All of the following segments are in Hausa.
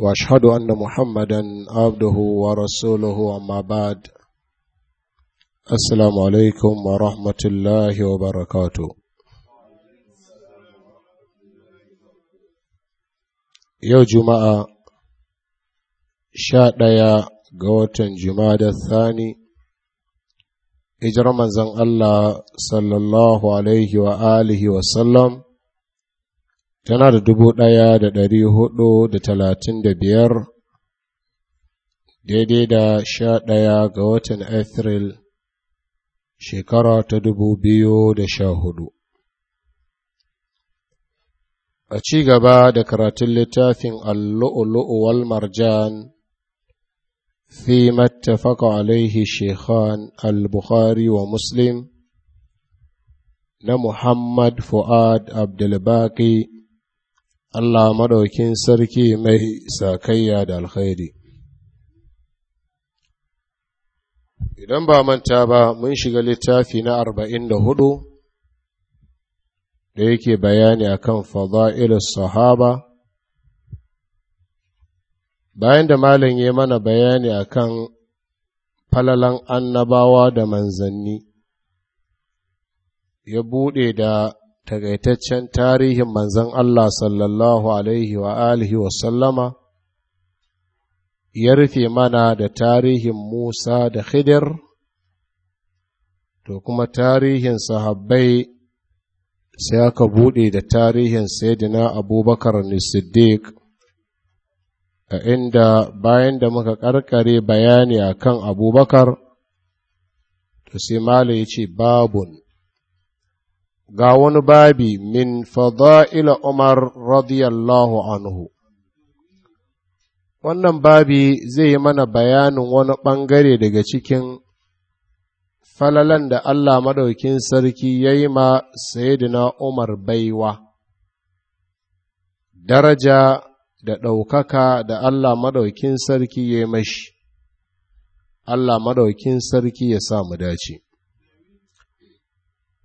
واشهد ان محمدا عبده ورسوله اما بعد السلام عليكم ورحمه الله وبركاته yau juma'a sha ɗaya ga watan da thani ijar manzan Allah sallallahu alaihi wa alihi tana da dubu ɗaya da ɗari hudu da talatin da biyar daidai da sha ɗaya ga watan Afril shekara ta dubu biyu da sha hudu. A ci gaba da karatun littafin Allu'ulu'u wal Marjan fi mattafaka alaihi Shekhan al-Bukhari wa Muslim na Muhammad Fu'ad Abdulbaki Allah maɗaukin sarki mai sakayya da alkhairi. Idan ba manta ba mun shiga littafi na arba'in da yake bayani akan fada'ilus sahaba, bayan da malam ya mana bayani akan falalan annabawa da manzanni, ya buɗe da tagaitaccen tarihin manzan Allah sallallahu Alaihi wa alihi wasallama ya rufe mana da tarihin Musa da Khidir to kuma tarihin sahabbai sai aka buɗe da tarihin Sayyidina Abubakar Siddiq a inda bayan da muka ƙarƙare bayani akan Abubakar to sai Malu ya ce babun ga wani babi min fada'ila Umar radiyallahu anhu. Wannan babi zai yi mana bayanin wani ɓangare daga cikin falalan da Allah maɗaukin sarki ya yi ma Sayyidina Umar baiwa, daraja da ɗaukaka da Allah maɗaukin sarki ya yi mashi, Allah maɗaukin sarki ya sa mu dace.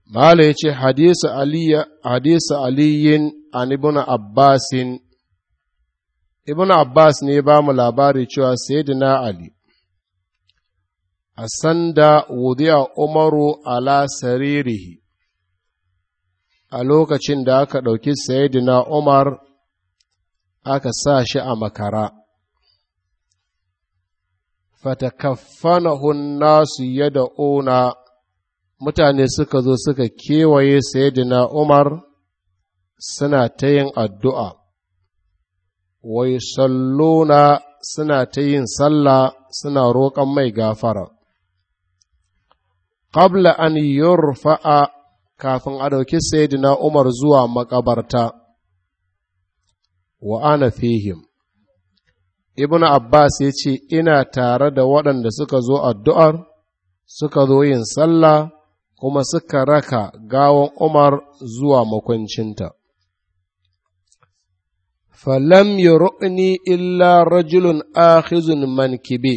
Mala ya ce, Hadisa Aliyin an Ibn Abbasin, Ibn Abbas ne ba mu labari cewa Sayyidina Ali, a sanda wudiya Umaru ala saririhi, a lokacin da aka ɗauki Sayyidina Umar aka sa shi a makara. Fatakaffanahu nasu ona mutane suka zo suka kewaye sayidina umar suna ta yin addu'a wai salluna suna ta yin sallah suna roƙon mai gafara qabla an yurfa'a kafin a ɗauki sayidina umar zuwa makabarta wa ana fihim ibn abbas ya ce ina tare da waɗanda suka zo addu'ar suka zo yin sallah kuma suka raka gawon Umar zuwa makwancinta. Falam yurqni illa rajulun akhizun mankibe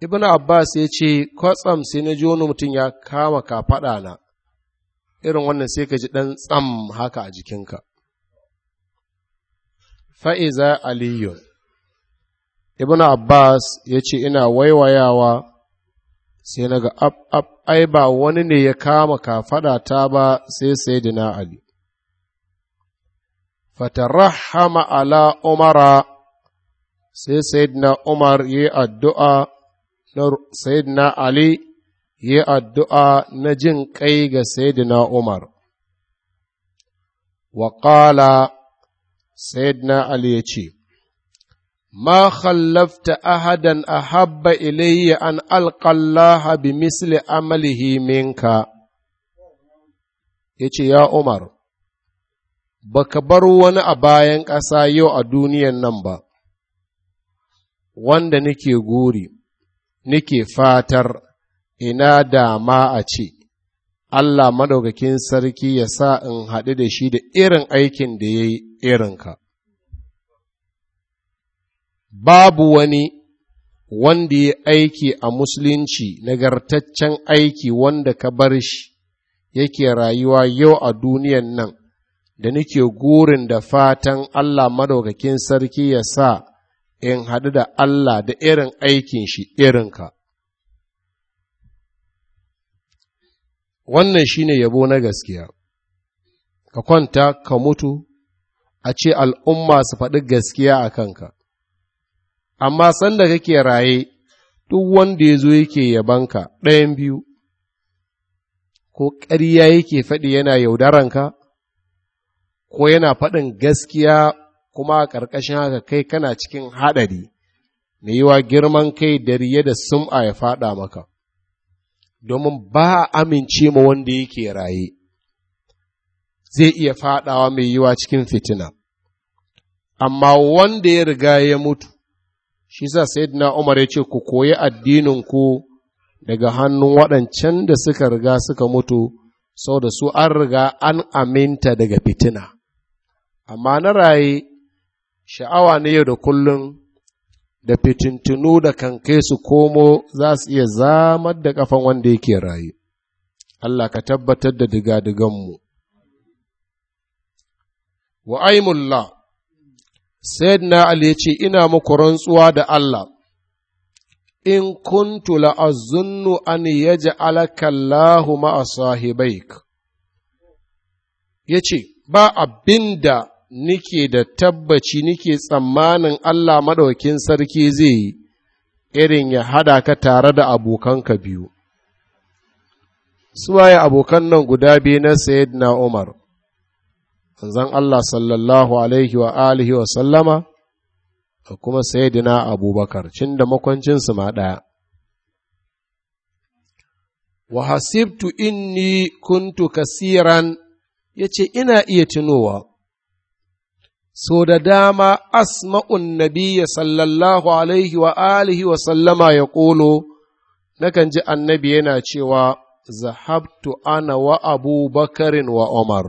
Ibn Abbas ya ce, Kwatsam sai na ji wani mutum ya kama kafaɗa na, irin wannan sai ka ji ɗan tsam haka a jikinka. Fa'iza Aliyun Ibn Abbas ya ce, Ina waiwayawa sai na ga ab ab ai ba wani ne ya kama kafaɗa ta ba sai saidina Ali. Fatarahama ala Umara sai Sayyidina Umar yi addu'a na Sayyidina Ali yi addu'a na jin kai ga saidina Umar. Waƙala saidina Ali ya ce, ما خلفت أحدا أحب an أن ألقى الله بمثل عمله منك يتي يا عمر baka bar wani a bayan ƙasa yau a duniyan nan ba, wanda nake guri, nake fatar ina dama a ce, Allah maɗaukakin sarki ya sa in haɗu da shi da irin aikin da ya yi ka. babu wani wanda ya aiki a musulunci nagartaccen aiki wanda ka bar shi yake rayuwa yau a duniyan nan da nake gurin da fatan Allah madaukakin sarki ya sa in haɗu da Allah da irin aikin shi irinka. Wannan shi ne yabo na gaskiya, ka kwanta ka mutu a ce al'umma su faɗi gaskiya a kanka. amma sanda kake raye duk wanda ya zo yake yabanka ɗayan biyu ko ƙarya yake faɗi yana yaudaranka ko yana faɗin gaskiya kuma a ƙarƙashin haka kai kana cikin haɗari mai yiwa girman kai da da sum'a ya faɗa maka domin ba a amince ma wanda yake raye zai iya faɗawa mai yiwa cikin fitina amma wanda ya riga ya mutu shi sa sayyidina umar ya ce ku koyi addinin ku daga hannun waɗancan da suka riga suka mutu sau da su an riga an aminta daga fitina amma na raye sha'awa ne yau da kullum da fitintunu da kankai su komo za su iya zamar da kafan wanda yake raye Allah ka tabbatar da diga-diganmu wa aimullah sayyidina ali ya ce ina muku rantsuwa da Allah in kuntu la'azunnu an alakallahu Allahu ma'a Ya ce, ba abinda nike da tabbaci nike tsammanin Allah maɗaukin sarki zai yi irin ya hada ka tare da abokanka biyu suwaye abokan nan guda biyu na sayyidina Umar Zan Allah sallallahu alaihi wa alihi wa sallama da kuma sayyidina abubakar cin da makwancinsu ma ɗaya wa hasibtu inni kuntu kasiran ya ce ina iya tunowa so da dama asma'un nabiya sallallahu alaihi wa alihi wa sallama ya ƙolo nakan ji annabi yana cewa zahabtu ana wa abubakarin wa umar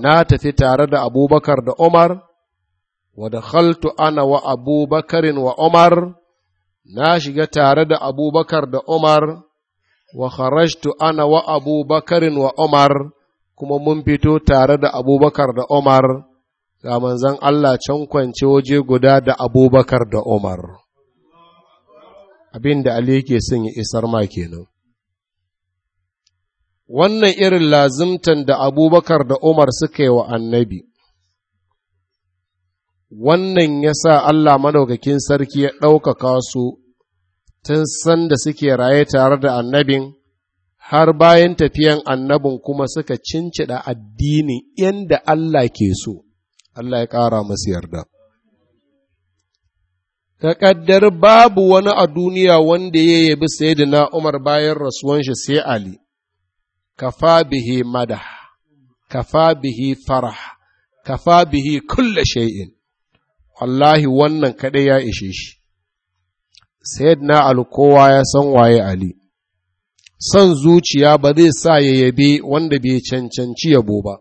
na tafi tare da abubakar da Umar, wa da ana wa abubakarin wa Umar, na shiga tare da abubakar da Umar, wa kharajtu ana wa abubakarin wa Umar, kuma mun fito tare da abubakar da Umar, ga manzon Allah can kwance waje guda da abubakar da Umar. Abin da Ali ke son ya isar ma kenan. wannan irin lazimtan da abubakar da umar suka yi wa annabi wannan ya sa allah madaukakin sarki ya ɗaukaka su tun sanda suke raye tare da annabin har bayan tafiyan annabin kuma suka cincida addini yadda allah ke so allah ya ƙara masu yarda Takaddar babu wani a duniya wanda ya yabi sayyidina Umar bayan rasuwan shi sai Ali, kafa bihi madah kafa bihi farah kafa bihi kulle shay'in wallahi wannan kaɗai ya ishe shi sayyidina ali kowa ya san waye ali son zuciya ba zai sa ya yabe wanda bai cancanci yabo ba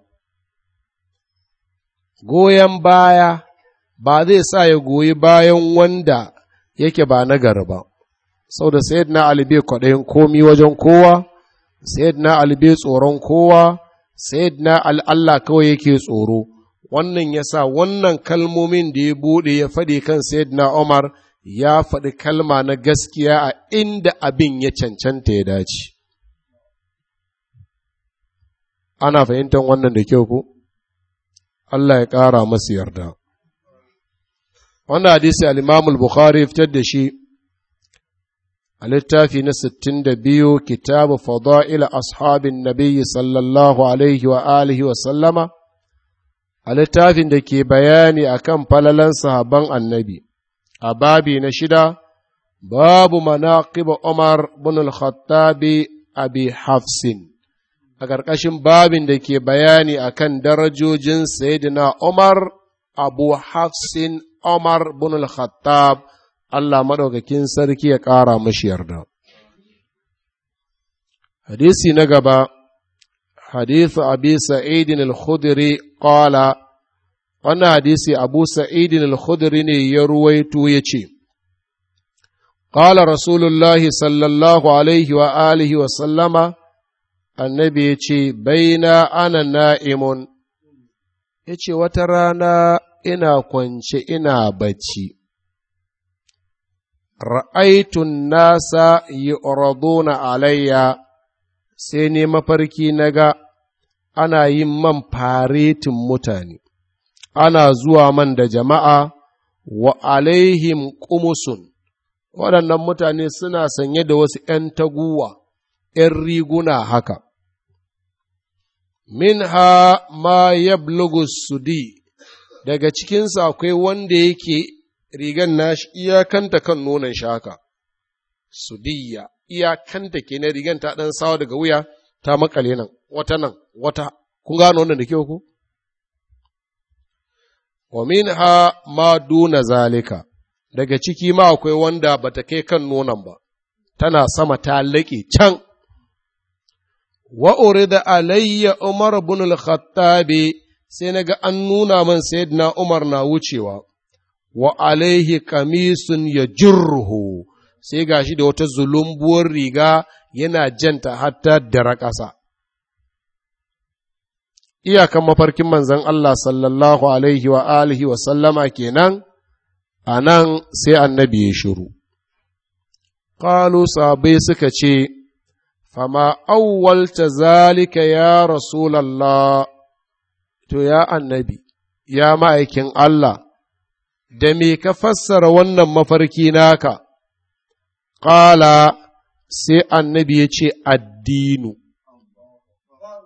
goyon baya ba zai sa ya goyi bayan wanda yake ba nagari ba sau da sayyidina ali bai kwaɗayin komi wajen kowa sayyidina ali bai tsoron kowa sayyidina ali Allah kawai yake tsoro wannan yasa wannan kalmomin da ya bude ya faɗi kan sayyidina Umar ya faɗi kalma na gaskiya a inda abin ya cancanta ya dace ana fahimtar wannan da kyau ko Allah ya ƙara masu yarda wannan hadisi al-Imam al-Bukhari fitar da shi a littafi na 62 kitabu fada'il ashabin nabiyyi sallallahu alaihi wa alihi wa sallama a littafin da ke bayani akan falalan sahaban annabi a babi na shida babu manaqiba Umar bin al-Khattabi abi Hafsin a ƙarƙashin babin da ke bayani akan darajojin Saidina Umar Abu Hafsin Umar bin al-Khattab Allah maɗaukakin sarki ya ƙara mashi yarda. Hadisi na gaba, hadithu abi sa'idin al-khudri ƙala, wannan hadisi abu sa'idin al-khudri ne ya ruwaito ya ce, Ƙala Rasulullahi sallallahu alaihi wa alihi wa sallama, annabi ya ce, Baina ana na'imun, ya ce, Wata rana ina kwance ina bacci. ra'aitun nasa yi alayya sai ne mafarki na ga ana yin man faretin mutane, ana zuwa man da jama'a wa alaihim ƙumusun, waɗannan mutane suna sanye da wasu ’yan taguwa, ’yan riguna haka. Minha ma su sudi, daga cikinsa akwai wanda yake rigan nashi iyakanta kan nonon shaka sudiyya iyakanta ke na rigan ta ɗan sawa daga wuya ta makale nan wata nan wata kun gano wannan da ke ku wa ha ma duna zalika daga ciki ma akwai wanda bata kai kan nonon ba tana sama ta laƙe can wa da alayya umar ibn al-khattabi sai naga an nuna man sayyidina umar na wucewa wa alaihi kamisun ya jirruhu sai ga shi da wata zulumbuwar riga yana janta hatta dara ƙasa. Iyakan mafarkin manzan Allah sallallahu alaihi wa alihi wa sallama kenan, a nan sai annabi ya shiru. Ƙalu sabai suka ce, Fama auwalta zalika ya Rasulallah, to ya annabi, ya ma'aikin Allah. da me ka fassara wannan mafarki naka ƙala sai annabi ya ce addinu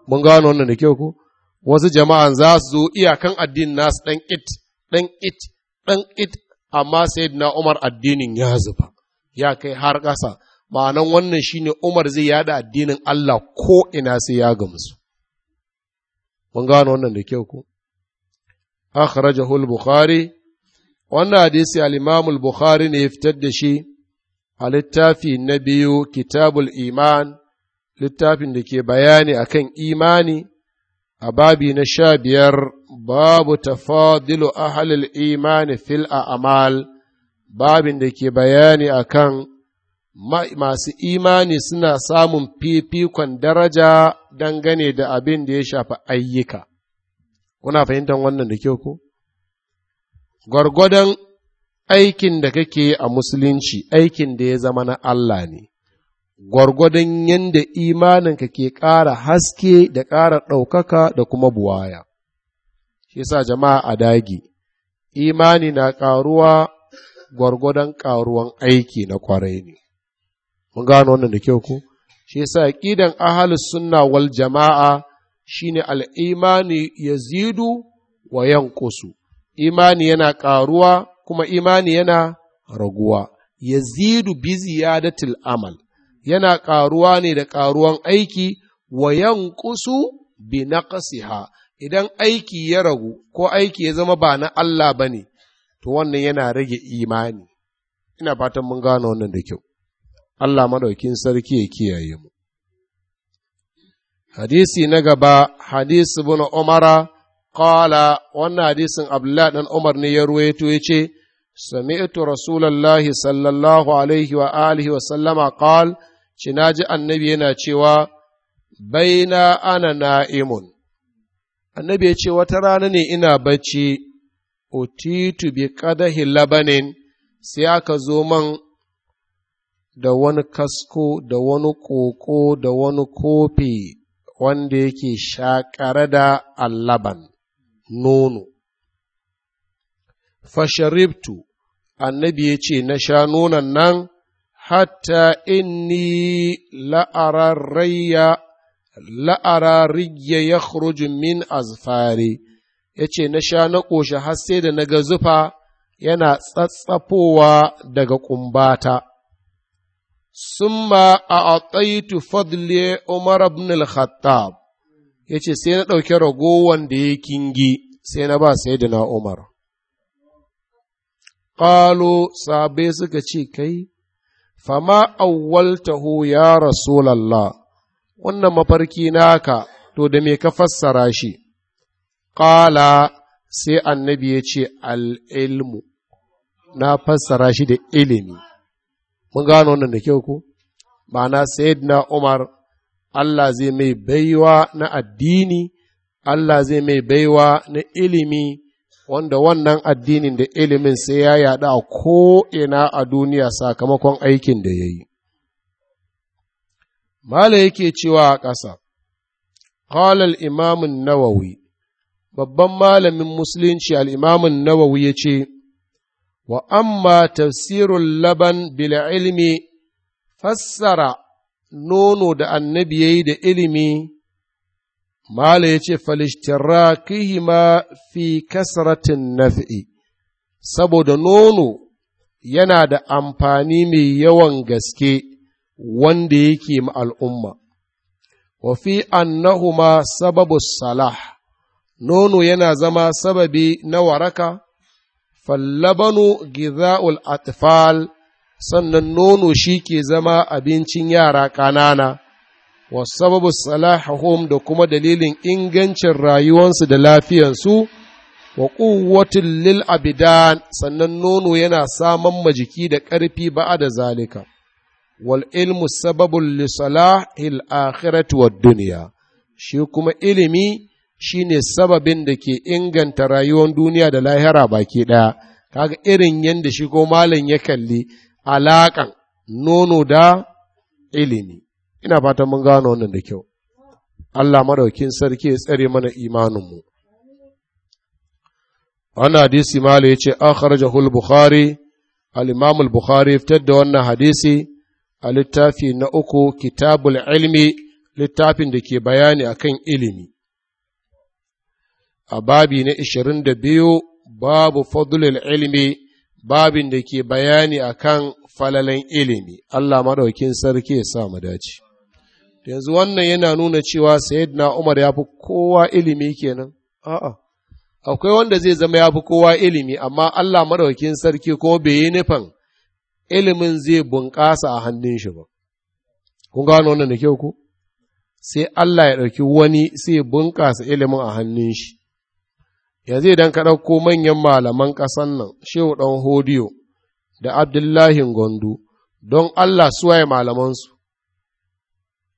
mun gano wannan da kyau ko wasu jama'an za su zo iyakan addinin nasu ɗan it ɗan it ɗan it amma sai na umar addinin ya zuba ya kai har ƙasa ma'anan wannan shine umar zai yada addinin Allah ko ina sai ya gamsu mun gano wannan da kyau ko akhrajahu al-bukhari wannan hadisi al-imam bukhari ne ya fitar da shi a littafi na biyu kitabul iman littafin da ke bayani akan imani a babi na sha biyar babu tafadilu ahalil imani fil a'mal babin da ke bayani akan masu imani suna samun fifikon daraja dangane da abin da ya shafi ayyuka kuna fahimtar wannan da kyau ko gwargwadon aikin da kake a musulunci aikin da ya zama na Allah ne, gwargwadon yadda imaninka ke ƙara haske da ƙara ɗaukaka da kuma buwaya. Shi sa jama'a a dagi, imani na ƙaruwa gwargwadon ƙaruwan aiki na kwarai ne. Mun gano wannan da kyau ko? Shi sa ƙidan ahalus sunna wal jama'a shine al'imani yazidu wa yankusu. imani yana ƙaruwa kuma imani yana raguwa yazidu ya ziyadatil amal yana ƙaruwa ne da ƙaruwan aiki wa ƙusu bi naqsiha idan aiki ya ragu ko aiki ya zama ba na Allah ba ne, to wannan yana rage imani ina fatan mun gano wannan da kyau Allah madaukin sarki ya kiyaye mu hadisi na gaba hadisi bin umara Kala wannan hadisin abdullahi ɗan umar ne ya ruwaito ya ce sami'tu Rasulallah sallallahu alaihi wa alihi wa sallama qal ci ji annabi yana cewa baina ana na'imun annabi ya ce wata rana ne ina bacci otitu bi kadahi labanin sai aka zo man da wani kasko da wani koko da wani kofi wanda yake shakare da allaban nono. Fasharibtu, annabi ya ce, Na sha nonon nan, hatta inni la'ararrayya la'ararriya ya min azfari, yace ce, Na sha na ƙoshi har sai da na ga zufa yana tsatsafowa daga ƙumbata. Summa a fadli Umar ibn al-Khattab. ya ce sai na ɗauke ragowan da ya kingi sai na ba sai da na umar ƙalo sabai suka ce kai fama taho ya rasulallah wannan mafarki naka to da me ka fassara shi ƙala sai annabi ya ce al'ilmu na fassara shi da ilimi mun gano wannan da kyau ko ma'ana na umar Allah zai mai baiwa na addini, Allah zai mai baiwa na ilimi, wanda wannan addinin da ilimin sai ya yaɗa a ko'ina a duniya sakamakon aikin da ya yi. Mala yake cewa a ƙasa, Ƙalal imamun nawawi, babban malamin musulunci al'imamun nawawi ya ce, Wa amma tafsirun laban bil ilmi fassara nono da annabi ya yi da ilimi, Mala ya ce, ma fi kasratin nafi'i, saboda nono yana da amfani mai yawan gaske wanda yake ma al'umma. Wa fi annahuma sababu salah, nono yana zama sababi na waraka, fallabanu giza'ul atfal sannan nono shi ke zama abincin yara ƙanana sababu salahahum da kuma dalilin ingancin rayuwansu da lafiyansu wa ƙuwatin lil abidan sannan nono yana saman majiki da ƙarfi ba'a da zalika wal ilmu sababun li salahil akhirati duniya shi kuma ilimi shi ne sababin da ke inganta rayuwar duniya da lahira baki ɗaya kaga irin yadda shi ko malam ya kalli alaƙan nono da ilimi ina fata mun gano wannan da kyau Allah maɗaukin sarki ya tsare mana imaninmu wannan hadisi mala ya ce an kharaja hul bukhari al-imam bukhari fitar da wannan hadisi a littafi na uku kitabul ilmi littafin da ke bayani akan ilimi a babi na biyu, babu fadlul ilmi babin da ke bayani akan falalan ilimi Allah maɗaukin sarki ya sa mu dace yanzu wannan yana nuna cewa sayyidina Umar ya fi kowa ilimi kenan a'a akwai wanda zai zama ya fi kowa ilimi amma Allah maɗaukin sarki ko bai yi nufin ilimin zai bunƙasa a hannun shi ba kun gano wannan da kyau ko sai Allah ya ɗauki wani sai bunƙasa ilimin a hannun shi yanzu idan ka ɗauko manyan malaman ƙasan nan shehu ɗan hodiyo da abdullahi gondo don allah suwaye malamansu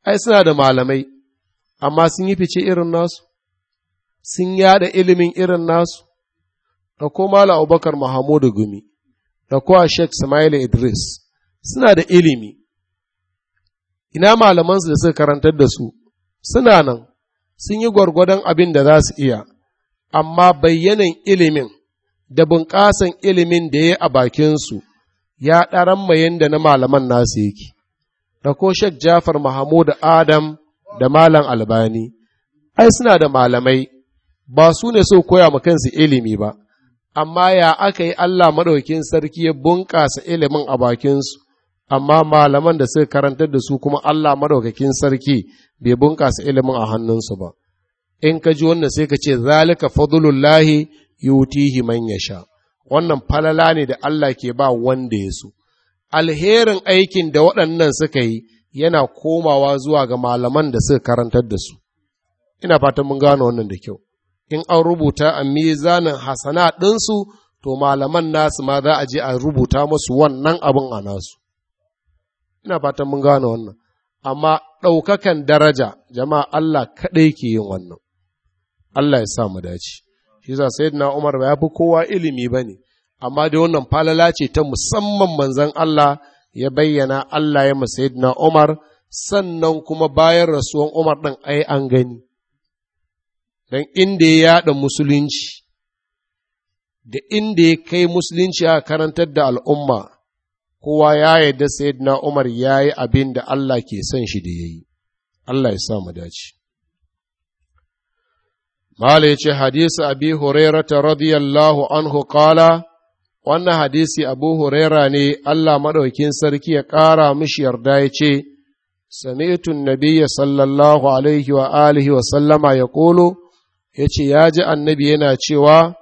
ai suna da malamai amma sun yi fice irin nasu sun yada ilimin irin nasu da ko mala abubakar mahamudu gumi da kowa sheikh Samaila idris suna da ilimi ina malamansu da suka karantar da su suna nan sun yi gwargwadon abin da za su iya amma bayyanan ilimin da bunƙasan ilimin da ya a bakinsu ya ɗaran mayan da na malaman nasu yake, da ko Shek Jafar Mahamudu Adam da Malam Albani, ai suna da malamai, ba su ne so koya ma kansu ilimi ba, amma ya aka yi Allah maɗaukin sarki ya bunƙasa ilimin a bakinsu, amma malaman da suka karantar da su kuma Allah maɗaukakin sarki bai bunƙasa ilimin a hannunsu ba. in ka ji wannan sai ka ce zalika fadlullahi yutihi man yasha wannan falala ne da Allah ke ba wanda ya so alherin aikin da waɗannan suka yi yana komawa zuwa ga malaman da suka karantar da su ina fatan mun gano wannan da kyau in an rubuta a mizanin hasana ɗinsu to malaman nasu ma za a je a rubuta musu wannan abin a nasu ina fatan mun gane wannan amma ɗaukakan daraja jama'a Allah kaɗai ke yin wannan Allah ya sa mu dace shi yasa sayyidina Umar ba ya fi kowa ilimi ba ne amma da wannan falala ce ta musamman manzon Allah ya bayyana Allah ya sayyidina Umar sannan kuma bayan rasuwan Umar ɗin ai an gani, don inda ya yaɗa musulunci, da inda ya kai musulunci a karantar da al'umma, kowa ya yarda na Umar ya yi abin da Allah ke son shi da ya yi, Allah ya sa mu dace. Mala ya ce hadisi abi ta radiyallahu anhu kala, wannan hadisi abu huraira ne Allah maɗaukin sarki ya ƙara mishi yarda ya ce, Sami'tun Nabiya, sallallahu alaihi wa alihi wa sallama ya ƙolo, ya ce ya ji annabi yana cewa,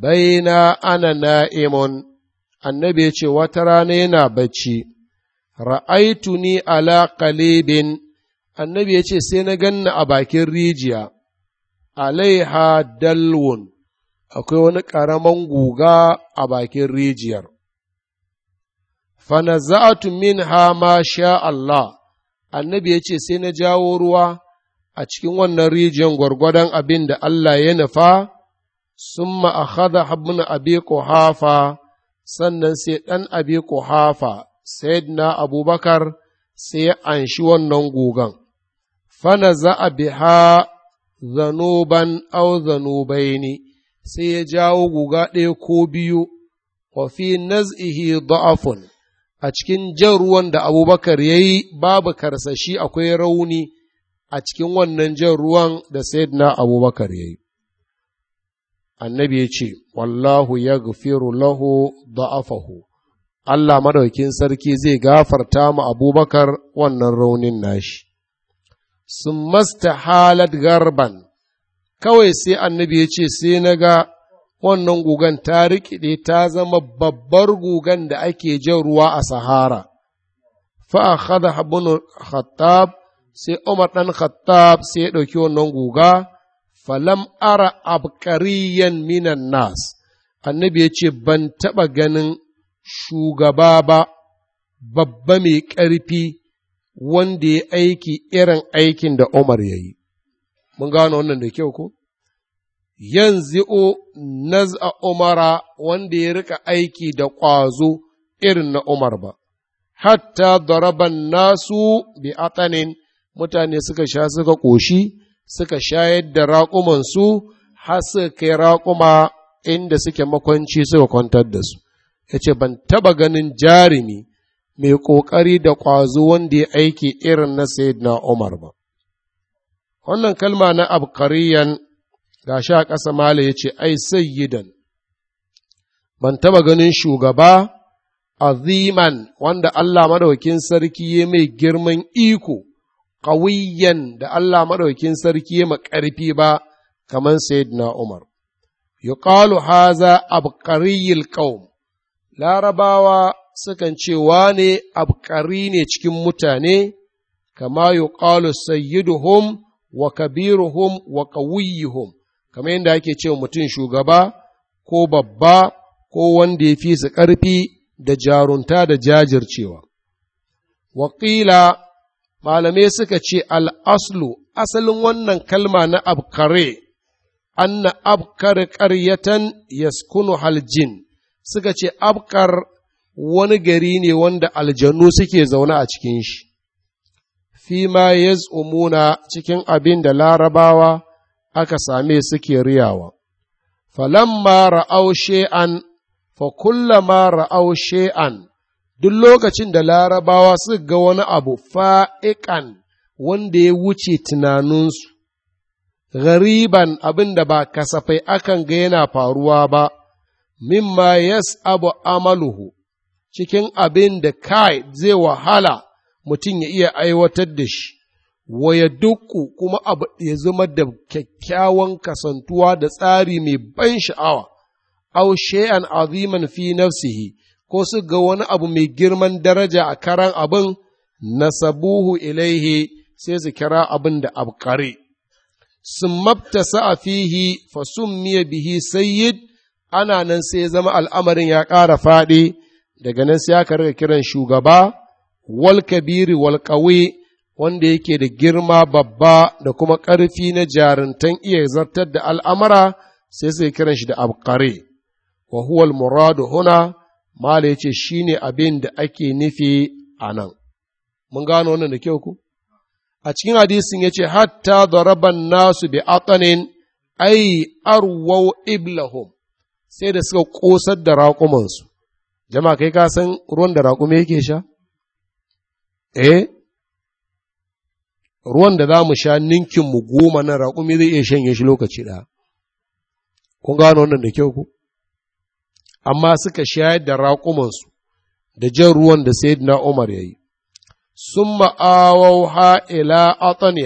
Baina ana na'imun, annabi ya ce wata rana yana bacci, Ra'aitu ra'aituni ala ƙalibin, annabi ya ce sai na ganna a bakin rijiya. alaiha dalwun akwai wani ƙaramin guga a bakin rijiyar. Fanaza'atu min ma sha Allah, annabi ya ce sai na jawo ruwa a cikin wannan rijiyar gwargwadon abin da Allah ya nufa, sun ma'akada habin abi hafa, sannan sai ɗan abi hafa, na abubakar sai ya anshi wannan gugan. Fana za a biha zanuban au ne, sai ya jawo guga ɗaya ko biyu wa fi naz'ihi da'afun a cikin jan ruwan da abubakar ya yi babu karsashi akwai rauni a cikin wannan jan ruwan da sayyidina abubakar ya yi annabi ya ce wallahu ya gafiru lahu da'afahu Allah madaukin sarki zai gafarta ma abubakar wannan raunin nashi sun masta halat garban, kawai sai annabi ya ce sai na ga wannan gugan ta rikide ta zama babbar gugan da ake jan ruwa a Sahara. Fa'akhada Khattab, sai Umar ɗan Khattab sai ya ɗauki wannan guga, falam ara abkariyan minan nas, annabi ya ce ban taɓa ganin shugaba ba, babba mai ƙarfi wanda ya aiki irin aikin da Umar ya yi. Mun gano wannan da kyau ko? Yanzu o naz'a Umara wanda ya rika aiki da ƙwazo irin na Umar ba, hatta daraban nasu bi atanin mutane suka sha suka ƙoshi, suka shayar da raƙumansu har suka kai raƙuma inda suke makwanci suka kwantar da su. Ya ce, Ban taba ganin jarumi mai ƙoƙari da ƙwazo wanda ya aiki irin na na Umar ba. Wannan kalma na abkariyan ga sha ƙasa mala ya ce, Ai, sayyidan, ban taɓa ganin shugaba aziman wanda Allah Madaukin sarki ya mai girman iko, ƙawiyyan da Allah Madaukin sarki ya maƙarfi ba, kamar na Umar. Yuqalu haza abkariyil qaum Larabawa sukan ce wane abkari ne cikin mutane, kama sayidu sayyiduhum wa kabiruhum wa qawiyyuhum kamar yadda ake ce mutum shugaba ko babba ko wanda ya fi su ƙarfi da jarunta da jajircewa. Waƙila malamai suka ce al'aslu asalin wannan kalma na abkare, anna abkar ƙaryatan yaskunu haljin suka ce abkar wani gari ne wanda aljanu suke zaune a cikin shi Fi fima umuna cikin abin da larabawa aka same suke riyawa falamma ra'au she’an, fa kullama ra'au she’an, duk lokacin da larabawa suka ga wani abu fa'iƙan wanda ya wuce tunaninsu, gariban abin da ba kasafai akan ga yana faruwa ba, mimma yas abu amaluhu cikin abin da kai zai wahala mutum ya iya aiwatar da shi, waya ya dukku kuma abu ya zama da kyakkyawan kasantuwa da tsari mai ban sha'awa, au an aziman fi nafsihi ko su ga wani abu mai girman daraja a karan abin nasabuhu ilaihi sai su kira abin da abkare. Sun mabta sa'a fihi fa miya bihi sayyid ana nan sai zama al'amarin ya ƙara faɗi. daga nan sai aka rika kiran shugaba wal kabiri wal wanda yake da girma babba da kuma ƙarfi na jarintan iya zartar da al'amara sai sai kiran shi da abkare wa huwal muradu huna mala yace shine abin da ake nufi anan. mun gano wannan da kyau ku a cikin hadisin yace hatta daraban nasu bi atanin ai arwau iblahum sai da suka kosar da raƙumansu jama kai ka san ruwan da raƙumi yake sha eh ruwan da za mu sha ninkin mu goma na raƙumi zai iya shanye shi lokaci ɗaya kun gano wannan da kyau ku amma suka shayar da raƙumansu da jan ruwan da sayyidina Umar ya yi sun ma'awau ha'ila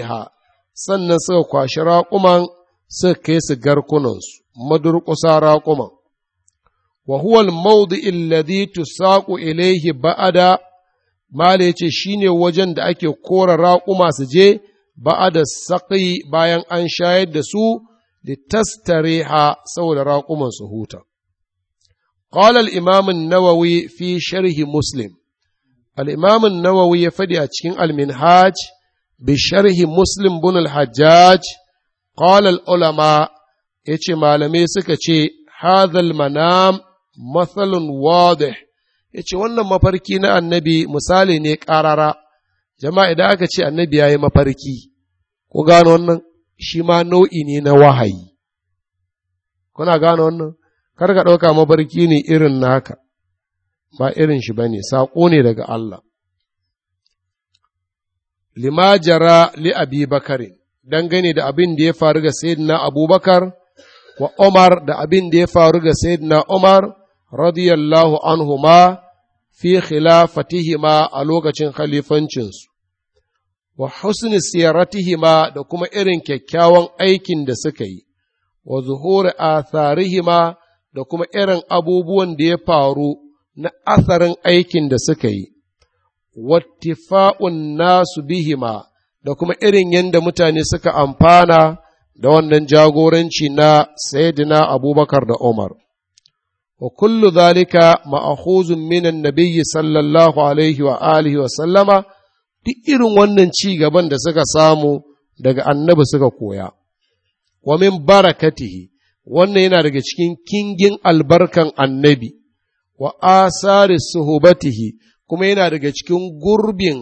ha sannan suka kwashi raƙuman suka kai su garkunansu madurƙusa raƙuman wa huwa al-mawdi' alladhi tusaqu ilayhi ba'ada mala shine wajen da ake kora raƙuma su je ba'ada saqi bayan an shayar da su litastariha saboda raƙuman su huta قال الإمام النووي في شرح مسلم الإمام النووي يفدي أتشكين المنهاج بشرح مسلم بن الحجاج قال العلماء malamai suka ce هذا المنام matsalin wadih ya ce wannan mafarki na annabi misali ne ƙarara jama'a idan aka ce annabi ya yi mafarki ko gano wannan shi ma nau'i ne na wahayi kuna gano wannan karka ɗauka mafarki ne irin naka ba irin shi ba ne saƙo ne daga Allah lima jara li abi bakarin dangane da abin da ya faru ga sayidina abubakar wa umar da abin da ya faru ga sayidina umar radiyallahu anhu anhuma fi khilafatihima a lokacin khalifancinsu, wa husni siyaratihima da kuma irin kyakkyawan aikin da suka yi, wa zuhuri atharihima da kuma irin abubuwan da ya faru na asarin aikin da suka yi, wattifa'un nasu bihima da kuma irin yadda mutane suka amfana da wannan jagoranci na Sayyidina Abubakar da Umar. wa kullu zalika من minan صلى sallallahu alaihi wa وسلم duk irin wannan ci gaban da suka samu daga annabi suka koya wa min barakatihi wannan yana daga cikin kingin albarkan annabi wa asari suhubatihi kuma yana daga cikin gurbin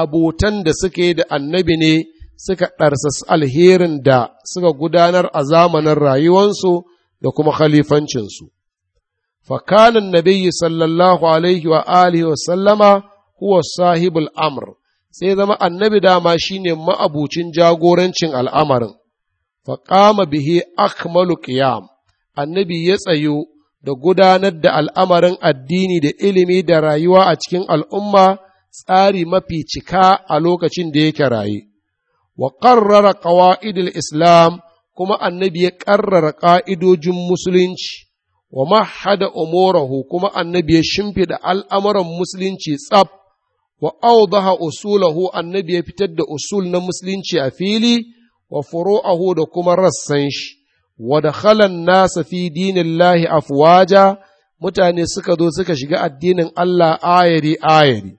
abotan da suka yi da annabi ne suka ɗarsas alherin da suka gudanar a zamanin rayuwansu da kuma khalifancinsu. فكان النبي صلى الله عليه وآله وسلم هو صاحب الأمر sai zama annabi dama shine ma'abucin jagorancin al'amarin, faƙama bihe akmalu qiyam annabi ya tsayo da gudanar da al'amarin addini da ilimi da rayuwa a cikin al'umma tsari mafi cika a lokacin da yake raye, wa ƙarrara ƙawa'idul Islam kuma annabi ya ƙarrara ƙa'idojin Musulunci, wa mahada umurahu kuma annabi ya shimfida al'amuran musulunci tsab wa awdaha usulahu annabi ya fitar da usul na musulunci a fili wa furu'ahu da kuma rassan shi wa dakhala nasa fi dinillahi afwaja mutane suka zo suka shiga addinin Allah ayari ayari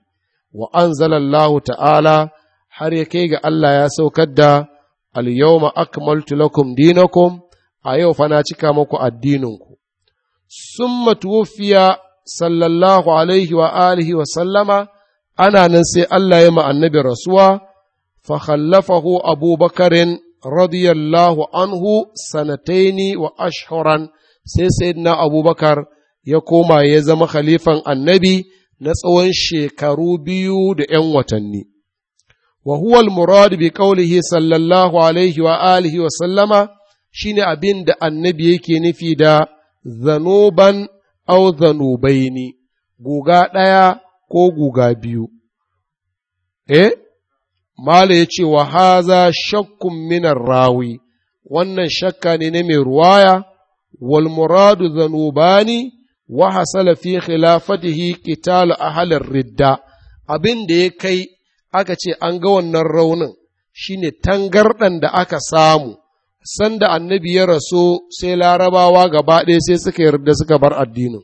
wa anzalallahu ta'ala har ya kai ga Allah ya saukar da al-yawma akmaltu lakum dinakum a yau fa na cika muku addininku summa tuwfiya sallallahu alaihi wa wa sallama ana nan sai Allah ya ma annabi rasuwa fa abubakarin radiyallahu anhu sanataini wa ashhuran sai sayyidina abubakar ya koma ya zama khalifan annabi na tsawon shekaru biyu da ’yan watanni. Wa muradu al-murad bi qawlihi sallallahu alaihi wa wa sallama shine abin da annabi yake nufi da zanuban au zanubaini guga ɗaya ko guga biyu. Eh, Mala ya ce wa haza shakkun minan rawi, wannan shakka ne na mai ruwaya, wal muradu zanubani wa hasala fi khilafatihi qital ahalar ridda, abin da ya kai aka ce an ga wannan raunin shine tangarɗan da aka samu sanda annabi ya rasu sai larabawa gaba ɗaya sai suka yarda suka bar addinin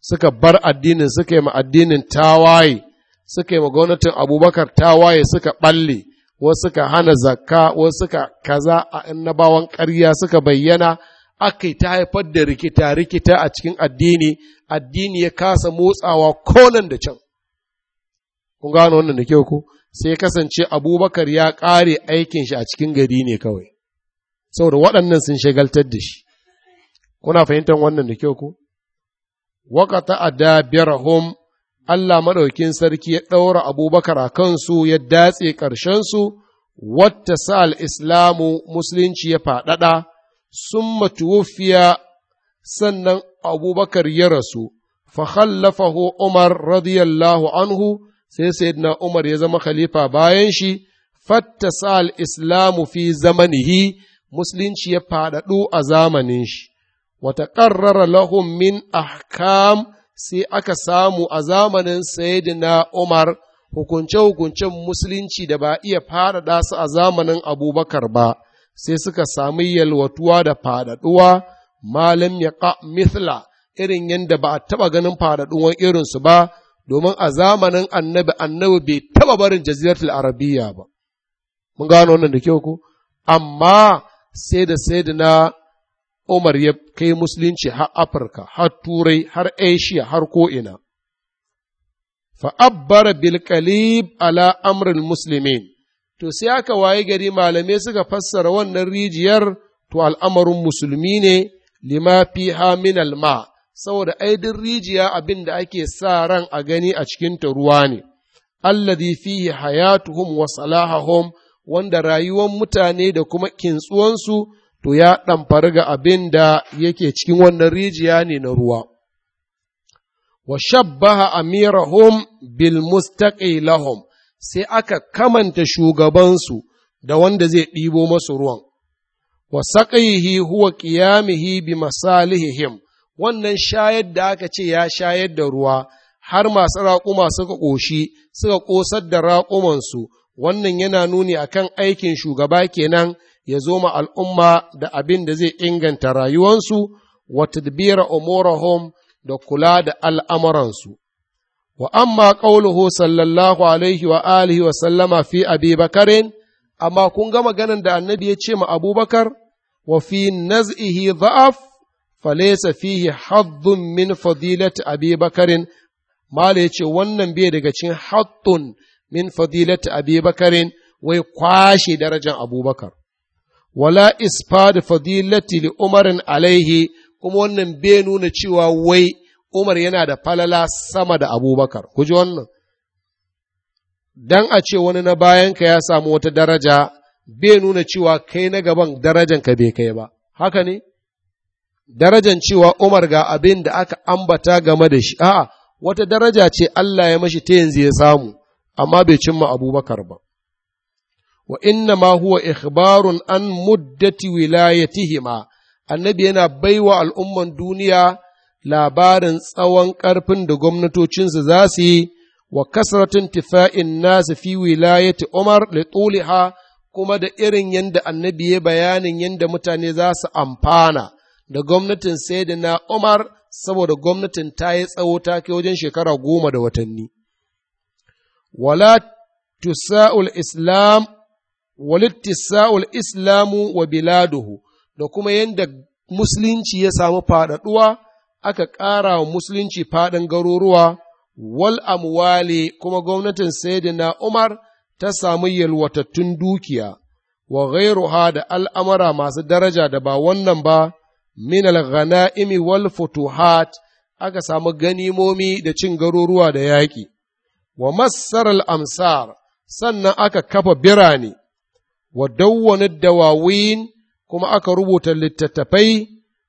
suka bar addinin suka yi ma addinin tawaye suka yi ma gwamnatin abubakar tawaye suka ɓalle wasu suka hana zakka wasu suka kaza a annabawan ƙarya suka bayyana aka ta haifar da rikita-rikita a cikin addini addini ya kasa motsawa konan da can kun gano wannan da kyau ko sai kasance abubakar ya ƙare aikin shi a cikin gari ne kawai saboda waɗannan sun shagaltar da shi kuna fahimtar wannan da kyau ku? ko biyar adabirahum Allah maɗaukin sarki ya ɗaura abubakar a kansu ya datse ƙarshensu wata sa'al islamu musulunci ya faɗaɗa sun matuwufiya sannan abubakar ya rasu fahallafahu umar radiyallahu anhu sai sayyidina umar ya zama khalifa bayan shi fatta sa'al islamu fi zamanihi musulunci ya faɗaɗo a zamanin shi, wata ƙarrara lahun min ahkam sai aka samu a zamanin Sayyidina Umar hukunce-hukuncen musulunci da ba iya faɗaɗa su a zamanin abubakar ba, sai suka sami yalwatuwa da faɗaɗuwa, malam ya mithla irin yadda ba a taɓa ganin faɗaɗuwan irinsu ba, domin a zamanin annabi annabi bai taɓa barin jaziratul arabiya ba. Mun gano wannan da kyau ko? Amma sai da na Umar ya kai musulunci har Afirka, har Turai, har Asia, har ko'ina. Fa'abbar bilkalib ala amrin musulmin, to sai aka waye gari malamai suka fassara wannan rijiyar to al'amarin musulmi ne lima fi min alma, saboda aidin rijiya abin da ake sa ran a gani a cikinta ruwa ne, alladhi fihi hayatuhum wa salahahum wanda rayuwar mutane da kuma kintsuwansu to ya ɗamfari ga abin da yake cikin wannan rijiya ne na ruwa. Wa shabbaha amirahum bil lahum sai aka kamanta shugabansu da wanda zai ɗibo masu ruwan. Wa saƙaihi huwa ƙiyamihi bi masalihihim wannan shayar da aka ce ya shayar da ruwa har masu raƙuma suka ƙoshi suka ƙosar da raƙumansu wannan yana nuni akan aikin shugaba kenan ya zo ma al'umma da abin da zai inganta rayuwansu wa tadbira umurahum da kula da al'amuransu. Wa amma ƙauluhu sallallahu alaihi wa alihi wa sallama fi abi bakarin, amma kun ga maganan da annabi ya ce ma abubakar, wa fi naz'ihi za'af, falesa fihi haddun min fadilat abi bakarin, mala ya ce wannan bai daga cikin haddun min fadilati abi wai kwashe darajar abubakar wala isfad fadilati li umarin alaihi kuma wannan bai nuna cewa wai umar yana da falala sama da abubakar ku ji wannan dan a ce wani na bayanka ya samu wata daraja bai nuna cewa kai na gaban darajanka bai kai ba haka ne darajan cewa umar ga abinda aka ambata game da shi a'a wata daraja ce Allah ya mashi ta yanzu ya samu amma bai cimma abubakar ba wa inna ma huwa ikhbarun an muddati wilayatihima annabi yana baiwa al'umman duniya labarin tsawon ƙarfin da gwamnatocinsu za su yi wa kasratin tifa'in nasu fi wilayati umar Tuliha kuma da irin yadda annabi ya bayanin yadda mutane za su amfana da gwamnatin na umar saboda gwamnatin ta yi tsawo ta wajen shekara goma da watanni wala tusa'ul islam walittisa'ul islamu wa biladuhu da kuma yadda musulunci ya samu faɗaɗuwa aka ƙara wa musulunci faɗin garuruwa wal amwali kuma gwamnatin sayyidina Umar ta samu yalwatattun dukiya wa ghairuha da al'amara masu daraja da ba wannan ba min al-ghana'imi wal futuhat aka samu ganimomi da cin garuruwa da yaƙi wa masarar amsar sannan aka kafa birane wa dawwanar dawawin kuma aka rubuta littattafai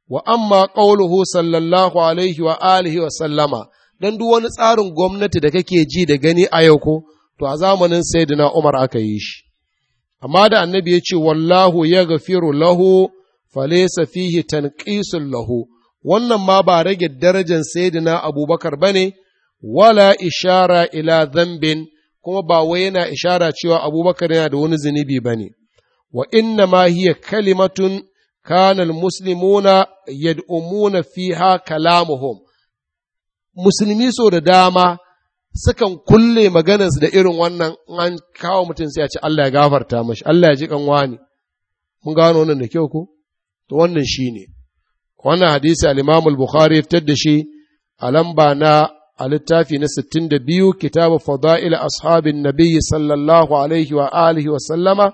wa amma ƙauluhu sallallahu alaihi wa alihi wa sallama don duk wani tsarin gwamnati da kake ji da gani a yau ko to a zamanin sayyidina Umar aka yi shi amma da annabi ya ce wallahu ya gafiru lahu fale safihi tanqisul lahu wannan ma ba rage darajar sayyidina Abubakar bane wala ishara ila zambin kuma ba wai yana ishara cewa abubakar yana da wani zunubi ba ne wa inna ma hiya kalimatun kana almuslimuna yad'umuna fiha kalamuhum musulmi so da dama sukan kulle maganarsu da irin wannan an kawo mutum sai a ce Allah ya gafarta mashi Allah ya ji kan wani mun gano wannan da kyau ko to wannan shine wannan hadisi al-Imam al-Bukhari ya fitar da shi a lamba na a littafi na sittin 62 kitabu fada'il ashabin nabiyyi sallallahu alaihi wa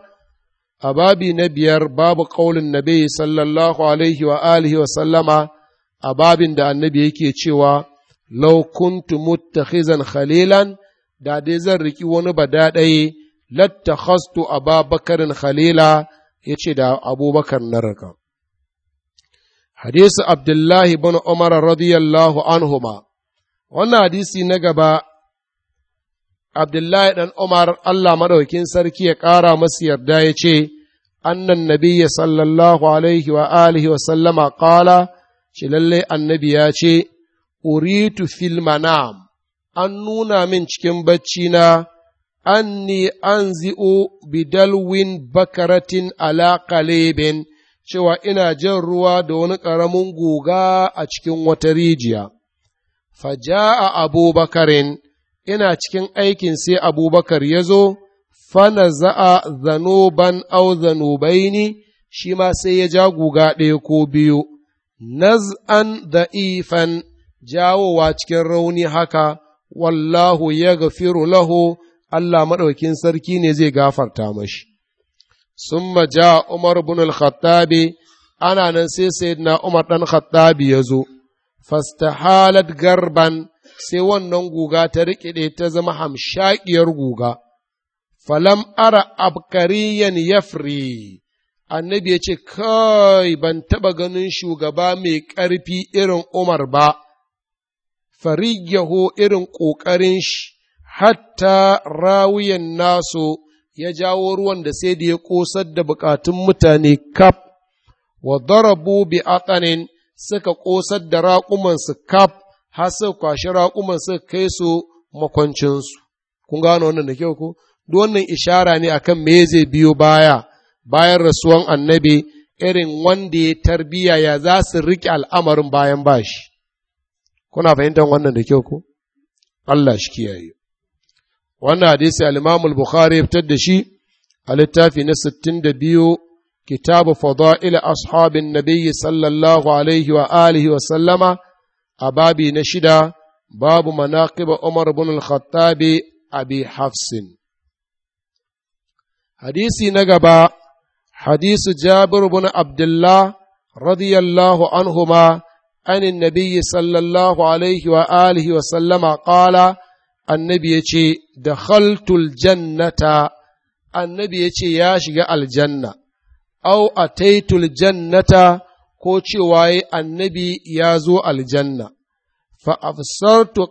babi na biyar babu ƙaunin nabiyyi sallallahu alaihi wa a babin da annabi yake cewa law kuntu muttakhizan khalilan da dai zan riki wani badadaye lattakhastu ababakarin khalila yace da abubakar na raka hadisi abdullahi bin umar radiyallahu anhuma wannan hadisi na gaba Abdullahi ɗan Umar Allah maɗaukin sarki ya ƙara masu yarda ya ce, Annan nabiya sallallahu alaihi wa alihi wa sallama ƙala, shi lallai annabi ya ce, Uritu fil manam, an nuna min cikin bacci na, anni an bidalwin bakaratin ala kalibin cewa ina jan ruwa da wani ƙaramin guga a cikin wata rijiya. a abubakarin ina cikin aikin sai abubakar ya zo fana za'a zanuban au zanubaini shi ma sai ya ja guga ɗaya ko biyu naz'an da'ifan jawowa cikin rauni haka wallahu ya gafiru lahu Allah maɗaukin sarki ne zai gafarta mashi. Sun ja Umar bin al ana nan sai na Umar ɗan Khattabi ya zo, fastahalat garban sai wannan guga ta riƙiɗe ta zama hamshaƙiyar guga falam ara abkariyan yafri annabi ya ce kai ban taɓa ganin shugaba mai ƙarfi irin umar ba fariyaho irin ƙoƙarin shi hatta rawiyan nasu ya jawo ruwan da sai da ya ƙosar da buƙatun mutane kaf wa darabu bi atanin suka ƙosar da raƙumansu kaf har suka kwashi raƙuman suka kai su makwancinsu. Kun gano wannan da kyau ko? Duk wannan ishara ne akan me zai biyo baya bayan rasuwan annabi irin wanda ya tarbiya ya za su riƙe al'amarin bayan bashi. Kuna fahimtar wannan da kyau ko? Allah shi kiyaye. Wannan hadisi al bukhari ya fitar da shi a littafi na biyu. kitabu fada'il ashabin nabiyyi sallallahu alaihi wa alihi wa sallama a babi na shida babu manaqiba Umar bin al-Khattabi Hafsin hadisi na gaba hadisu Jabir bin Abdullah radiyallahu anhuma عن النبي صلى الله عليه وآله وسلم قال النبي يتي دخلت الجنة النبي يا شجع الجنة au a taitul jannata ko cewa yi annabi ya zo aljanna fa afsartu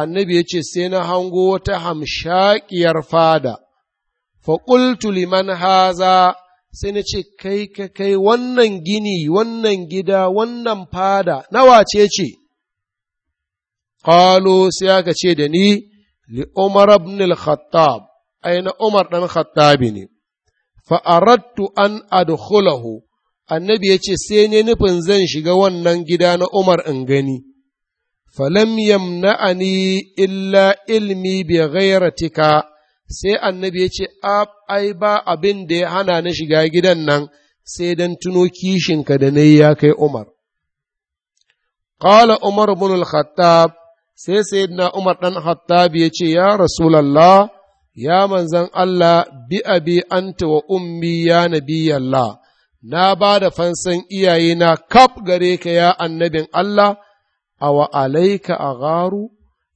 annabi ya ce sai na hango wata hamshaƙiyar fada fa liman haza sai na ce kai ka kai wannan gini wannan gida wannan fada nawa ce ce Ƙalo sai aka ce da ni li Umar ibn al-Khattab, ai na Umar ɗan Khattabi ne, fa'arattu an adkhulahu annabi ya ce sai ne nufin zan shiga wannan gida na Umar in gani, falam yamna'ani illa ilmi bi ghairatika sai annabi yace ce, ai ba abin da ya hana ni shiga gidan nan sai don tuno kishinka da na ya kai Umar. Ƙala Umar bin al-Khattab sai sayyidina Umar ɗan Khattab ya ce, Ya Rasulallah, ya manzan Allah bi abi anta wa ummi ya nabi Allah, na ba da fansan iyayena kaf gare ka ya annabin Allah, a wa alaika a garu,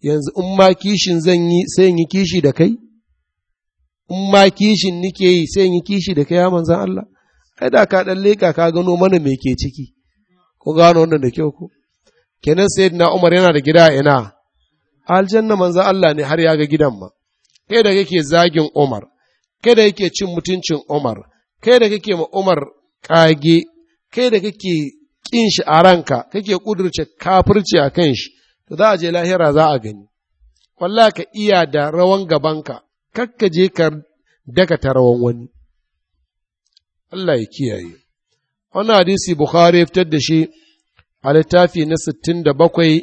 yanzu in ma kishin zan yi sai yi kishi da kai? In ma kishin nike yi sai yi kishi da kai ya manzan Allah? Ai da ka ɗan leƙa ka gano mana me ke ciki, ko gano wannan da kyau ko? Kenan Sayyidina Umar yana da gida ina, aljanna manzan Allah ne har ya ga gidan ma. kai da kake zagin Umar, kai da kake cin mutuncin Umar, kai da kake ma Umar kage, kai da kake ƙin shi a ranka, kake ƙudurce kafirci a kan shi, to za a je lahira za a gani. Wallah ka iya da rawan gabanka, kakka je ka daka ta rawan wani. Allah ya kiyaye. Wannan hadisi Bukhari ya fitar da shi a littafi na sittin da bakwai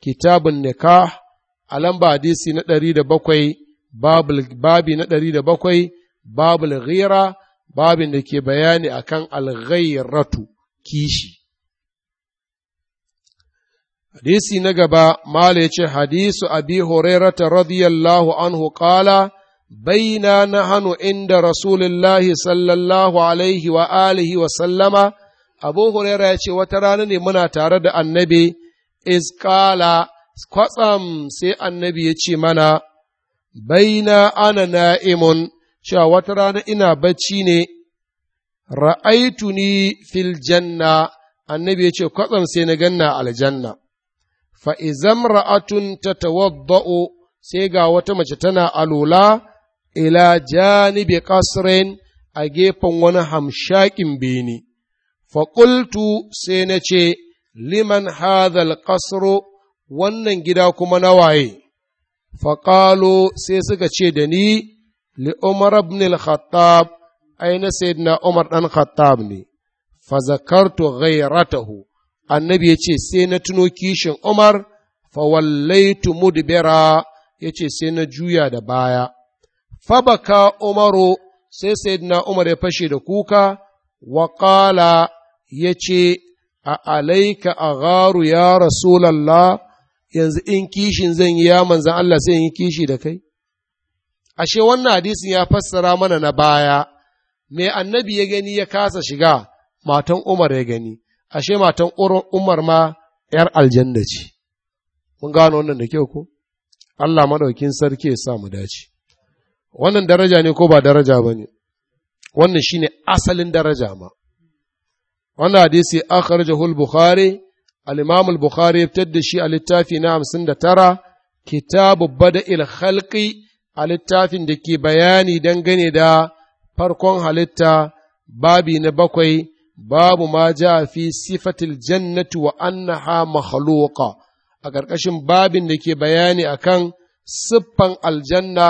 kitabun nikah a lamba hadisi na ɗari da bakwai babi na ɗari da bakwai babul ghira babin da ke bayani a kan alghairatu kishi hadisi na gaba mala ya ce hadisu abi horerata radiyallahu anhu kala baina na hannu inda rasulillahi sallallahu alaihi wa alihi wa sallama abu horera ya ce wata rana ne muna tare da annabi iskala kwatsam sai annabi ya ce mana baina ana na'imun cewa wata rana ina bacci ne ra'aituni fil janna annabi ya ce kwatsam sai na ganna aljanna fa izam ra'atun tatawadda'u sai ga wata mace tana alula ila janibi qasrin a gefen wani hamshakin bene Faƙultu sai na ce liman hadal al wannan gida kuma na waye faƙalo sai suka ce da ni li umar ibn al ai na sayyidina umar ɗan khattab ne fa zakartu ghayratahu annabi ya ce sai na tuno kishin umar fa wallaitu mudbira ya ce sai na juya da baya fa umaru sai sayyidina umar ya fashe da kuka wa qala ya ce a alaika a gharu ya rasulallah yanzu in kishin zan yi ya manzan Allah sai yi kishi da kai? Ashe wannan hadisin ya fassara mana na baya, mai annabi ya gani ya kasa shiga, matan Umar ya gani, ashe matan Umar ma ‘yar aljanda ce. Mun gano wannan da kyau ko? Allah maɗaukin sarki ya sa mu dace. Wannan daraja ne ko ba daraja ba ne, wannan shi ne asalin daraja ma. Wannan hadisi akhar Bukhari al-imam al ya fitar da shi a littafi na hamsin da tara kitabu bada khalqi a littafin da ke bayani dangane da farkon halitta babi na bakwai babu ma ja fi sifatil jannati wa annaha makhluqa a ƙarƙashin babin da ke bayani akan siffan aljanna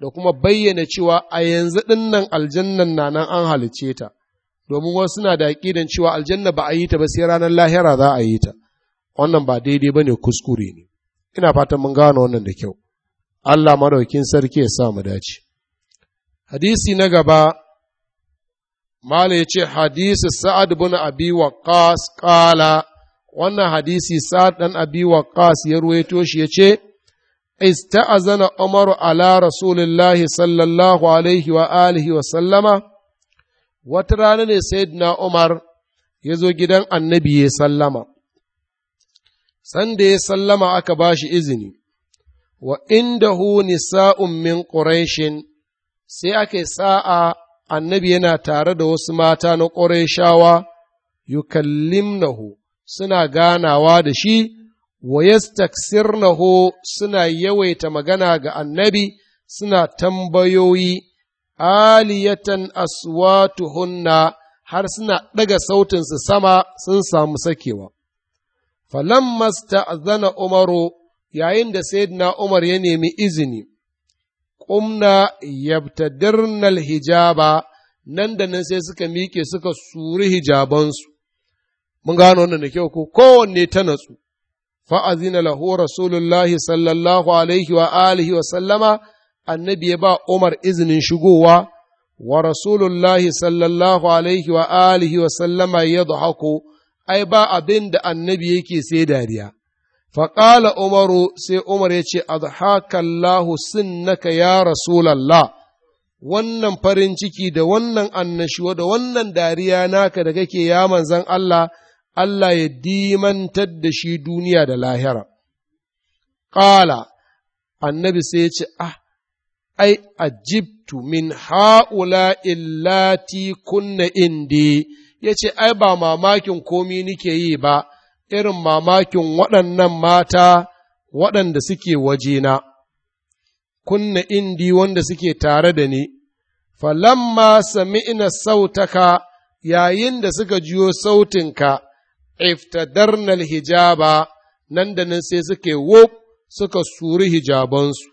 da kuma bayyana cewa a yanzu ɗinnan aljannan na nan an halicce ta domin wasu na da aƙidan cewa aljanna ba a yi ta ba sai ranar lahira za a yi ta wannan ba daidai ba ne kuskure ne ina fatan mun gane wannan da kyau Allah madaukin sarki ya sa mu dace hadisi na gaba mala ya ce hadisi sa'ad bin abi waqas qala wannan hadisi sa'ad dan abi waqas ya ruwaito shi ya ce ista'azana umaru ala rasulillahi sallallahu alaihi wa alihi wa sallama wata rana ne sayyidina Umar ya zo gidan annabi ya sallama, sanda ya sallama aka ba shi izini, wa inda hu nisa'un min ƙureshin sai aka sa'a annabi yana tare da wasu mata na ƙureshawa yukallimnahu suna ganawa da shi, wa yastaksirnahu suna yawaita magana ga annabi suna tambayoyi aliyatan aswatuhunna har suna ɗaga sautinsu sama sun samu sakewa. Falammas ta'azana Umaru yayin da Sayyidina Umar ya nemi izini, ƙumna yabtadirnal hijaba nan da nan sai suka miƙe suka suri hijabansu. Mun gano wannan da kyau ko kowanne ta natsu. Fa'azina lahu Rasulullahi sallallahu alaihi wa alihi wa sallama annabi ya ba Umar izinin shigowa, wa Rasulullahi sallallahu alaihi wa alihi wa sallama ya hako, ai ba abin da annabi yake sai dariya. Faƙala Umaru sai Umar ya ce, Adhakallahu sinnaka ya Rasulallah, wannan farin ciki da wannan annashuwa da wannan dariya naka da kake ya manzan Allah, Allah ya dimantar da shi duniya da lahira. Ƙala, annabi sai ya ce, Ah, ai ajibtu min ha'ula illati kunna indi yace ai ba mamakin komi nike yi ba irin mamakin waɗannan mata waɗanda suke waje na, kunna indi wanda suke tare da ni falamma sami'na sautaka yayin da suka jiyo sautinka iftadarnal hijaba nan da nan sai suke wop suka suri hijabansu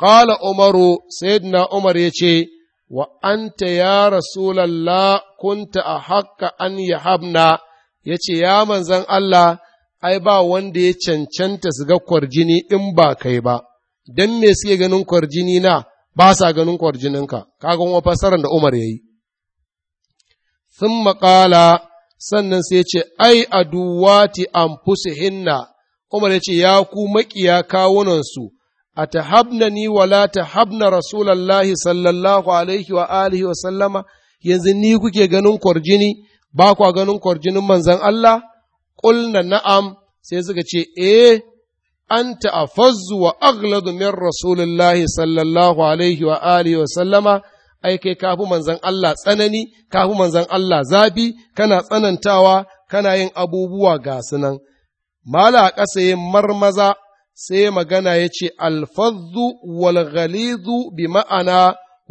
kala Umaru, Sayyidina Umar ya ce, Wa anta ya Rasulallah kunta a haƙƙa an yahabna ya ce, Ya manzan Allah, ai, ba wanda ya cancanta su ga kwarjini in ba kai ba, don me suke ganin kwarjini na ba sa ganin kwarjininka, kaga kuma fassarar da Umar ya yi. Sun maƙala, sannan sai ce, Ai, aduwati an hinna, Umar ya ce, Ya ku maƙiya kawunansu, a ni wala tahabna rasulallahi sallallahu alaihi wa alihi wa sallama yanzu ni kuke ganin kwarjini ba kwa ganin kwarjinin manzan Allah ƙulna na'am sai suka ce eh anta afazzu wa aghladu min rasulullahi sallallahu alaihi wa alihi wa sallama ai kai kafi manzan Allah tsanani kafi manzan Allah zafi kana tsanantawa kana yin abubuwa ga sunan mala a ƙasa marmaza sai magana ya ce alfazzu wal bi ma'ana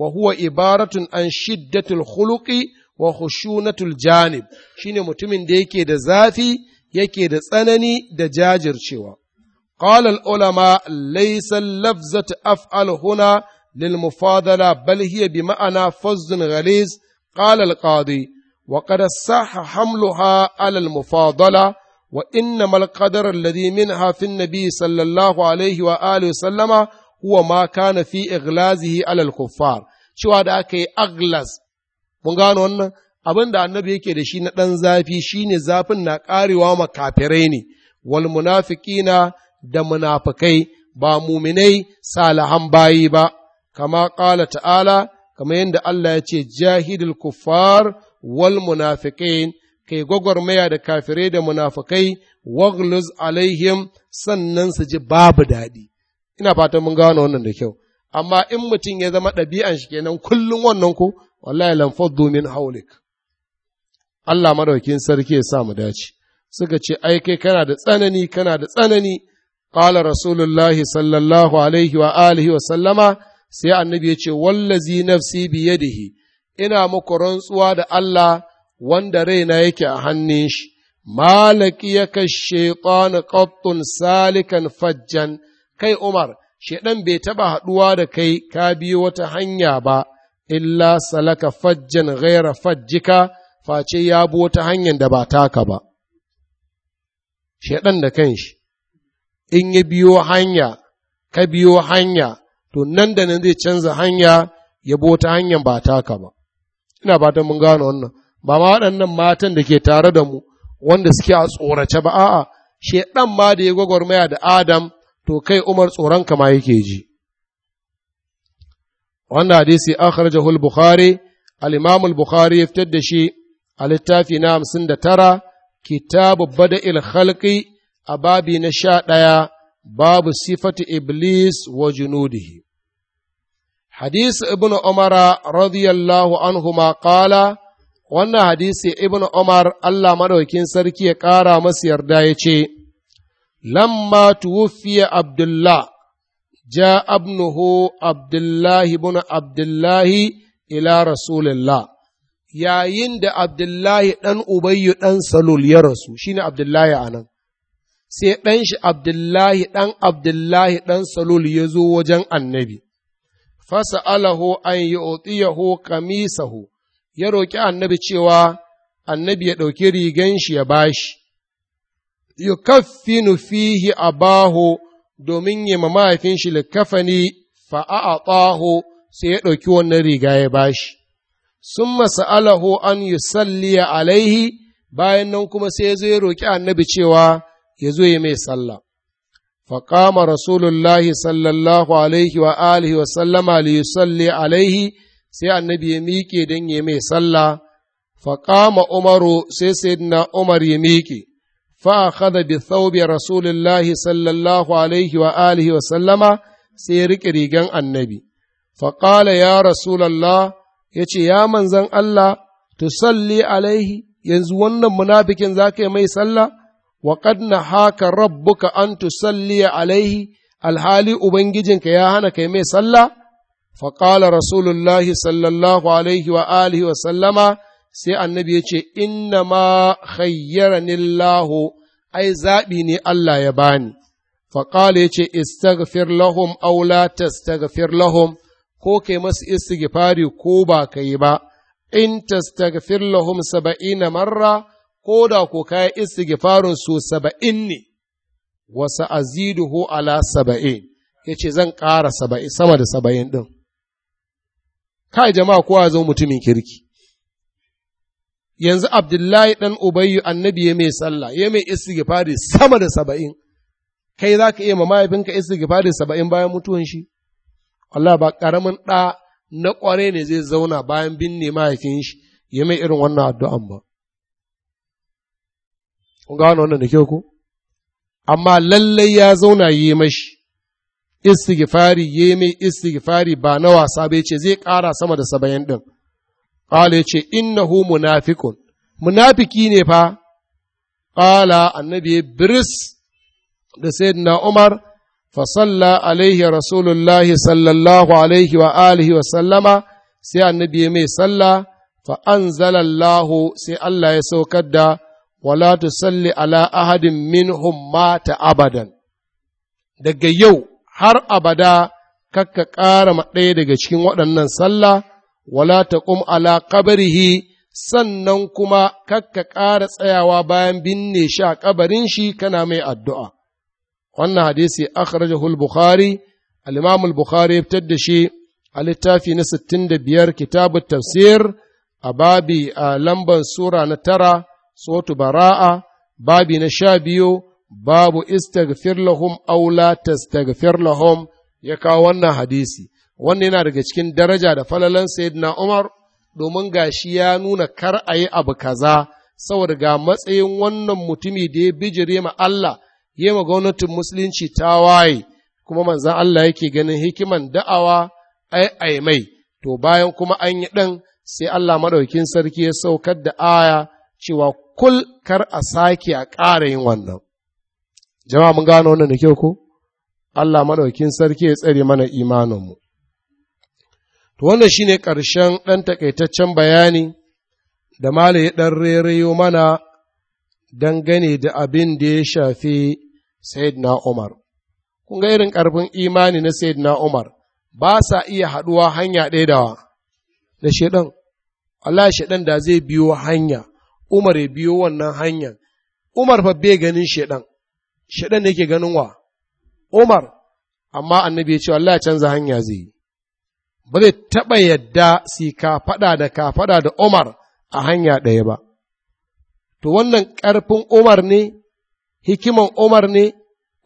wa huwa ibaratun an shiddatul khuluqi wa khushunatul janib shine mutumin da yake da zafi yake da tsanani da jajircewa قال العلماء ليس اللفظة أفعل هنا للمفاضلة بل هي بمعنى فز غليظ قال القاضي وقد صح حملها على المفاضلة wa inna mal qadar alladhi min hafin nabi sallallahu alaihi wa alihi sallama huwa ma kana fi iglazihi alal kuffar cewa da aka yi aglas mun gano wannan abin da annabi yake da shi na ɗan zafi shine zafin na ƙarewa makafirai ne Walmunafikina da munafikai ba muminai salahan bayi ba kama ƙala ta'ala kama yadda Allah ya ce jahidul kuffar wal munafiqin kai gwagwarmaya da kafirai da munafukai waglus alaihim sannan su ji babu daɗi ina fatan mun gano wannan da kyau amma in mutum ya zama ɗabi'an shi kenan kullum wannan ku? wallahi lan faddu min haulik Allah madaukin sarki ya sa mu dace suka ce ai kai kana da tsanani kana da tsanani qala rasulullahi sallallahu alaihi wa alihi wa sallama sai annabi ya ce wallazi nafsi biyadihi ina muku rantsuwa da Allah wanda raina yake a hannun shi malaki ya kai shaitan qattun salikan fajjan kai umar shaɗan bai taɓa haduwa da kai ka biyo wata hanya ba illa salaka fajjan ghaira fajjika face ya bi wata hanyar da ba taka ba shaidan da shi, in ya biyo hanya ka biyo hanya to nan da nan zai canza hanya ya bi wata hanyar ba taka ba ina fatan mun gano wannan ba ma waɗannan matan da ke tare da mu wanda suke a tsorace ba a'a ɗan ma da ya gwagwarmaya da Adam to kai Umar tsoron kama yake ji wannan hadisi akhrajahu al-Bukhari al-Imam al-Bukhari ya fitar da shi a littafi na tara, kitabu il khalqi a babi na sha ɗaya babu sifati iblis wa junudihi hadisi ibnu umara radiyallahu anhuma qala wannan hadisi ibn Umar Allah madaukin sarki ya ƙara masu yarda ya ce, Lamma tuwufiya Abdullah, ja abnuhu Abdullahi ibn Abdullahi ila Rasulillah, yayin da Abdullahi ɗan Ubayyu ɗan Salul ya rasu, shi ne Abdullahi a nan, sai ɗan shi Abdullahi ɗan Abdullahi ɗan Salul ya zo wajen annabi, fasa alahu an yi kamisahu. ya roƙi annabi cewa annabi ya ɗauki rigan shi ya bashi, yukaffinu fihi abahu domin yi mahaifin shi likafani fa'a'atahu sai ya ɗauki wannan riga ya bashi. Sun masa'alahu an yi ya alaihi bayan nan kuma sai ya ya roƙi annabi cewa ya zo ya mai sallah. فقام رسول الله صلى الله عليه وآله وسلم ليصلي عليه sai annabi ya miƙe don ya mai sallah faƙama umaru sai sayyidina umar ya miƙe fa akhadha bi thawbi rasulillahi sallallahu alaihi wa alihi wa sallama sai ya riƙe rigan annabi faƙala ya rasulallah ya ce ya manzan Allah tusalli alaihi yanzu wannan munafikin za ka yi mai sallah wa qad nahaka rabbuka an tusalli alaihi alhali ubangijinka ya hana kai mai sallah faƙala rasulullahi sallallahu alaihi wa alihi wa sallama sai annabi ya ce inna ma khayyaranillahu ai zaɓi ne Allah ya bani faƙala ya ce istaghfir lahum aw la tastaghfir lahum ko kai masu istighfari ko ba ka ba in tastaghfir lahum saba'ina marra ko da ko kai istighfarin su saba'in ne wasa aziduhu ala saba'in yace zan ƙara saba'i sama da saba'in ɗin kai jama'a kowa zo mutumin kirki yanzu abdullahi dan ubayyu annabi ya mai sallah ya mai istighfari sama da saba'in kai za ka iya ma mahaifinka istighfari saba'in bayan mutuwan shi Allah ba karamin ɗa na ƙware ne zai zauna bayan binne mahaifin shi ya mai irin wannan addu'an ba kun ga wannan da kyau ko amma lallai ya zauna yi mashi istighfari ye mai istighfari ba na wasa bai ce zai ƙara sama da saba'in ɗin. Ƙala ya ce, Innahu munafikun, munafiki ne fa, ƙala annabi biris da sayyidina Umar, fasalla alaihi rasulullahi sallallahu alaihi wa alihi wa sallama, sai annabi mai salla. Fa sallah, fa'anzalallahu sai Allah ya saukar da, wala tusalli ala ahadin minhum mata abadan. Daga yau, har abada kakka ƙara ma daga cikin waɗannan sallah wala ta ƙum ala ƙabarihi sannan kuma kakka ƙara tsayawa bayan binne shi a ƙabarin shi kana mai addu'a. Wannan hadisi akhrajahu hul bukhari Alimamul bukhari ya fitar da shi a littafi na sittin da biyar kitabu tafsir a babi a lamban sura na tara, sotu bara'a, babi na sha biyu, babu istaghfir lahum aw la tastaghfir lahum ya kawo wannan hadisi wannan yana daga cikin daraja da falalan sayyidina Umar domin gashi ya nuna kar a yi abu kaza saboda ga matsayin wannan mutumi da ya bijire ma Allah ya ma gwamnatin musulunci ta waye kuma manzan Allah yake ganin hikiman da'awa ai ai mai to bayan kuma an yi ɗan sai Allah maɗaukin sarki ya saukar da aya cewa kul kar a sake a ƙara yin wannan jama'a mun gano wannan da kyau ko Allah madaukin sarki ya tsare mana imaninmu to wannan shine ƙarshen ɗan takaitaccen bayani da malam ya ɗan rerayo mana dangane da abin da ya shafi Sayyidina Umar. Kun ga irin ƙarfin imani na Sayyidina Umar ba sa iya haɗuwa hanya ɗaya da wa da shaɗan. Allah shaɗan da zai biyo hanya, Umar ya biyo wannan hanyar. Umar fa bai ganin shaɗan, shaɗan da yake ganin wa Umar amma annabi ya ce Allah ya canza hanya zai yi ba zai taɓa yadda si ka faɗa da ka faɗa da Umar a hanya ɗaya ba to wannan ƙarfin Umar ne hikiman Umar ne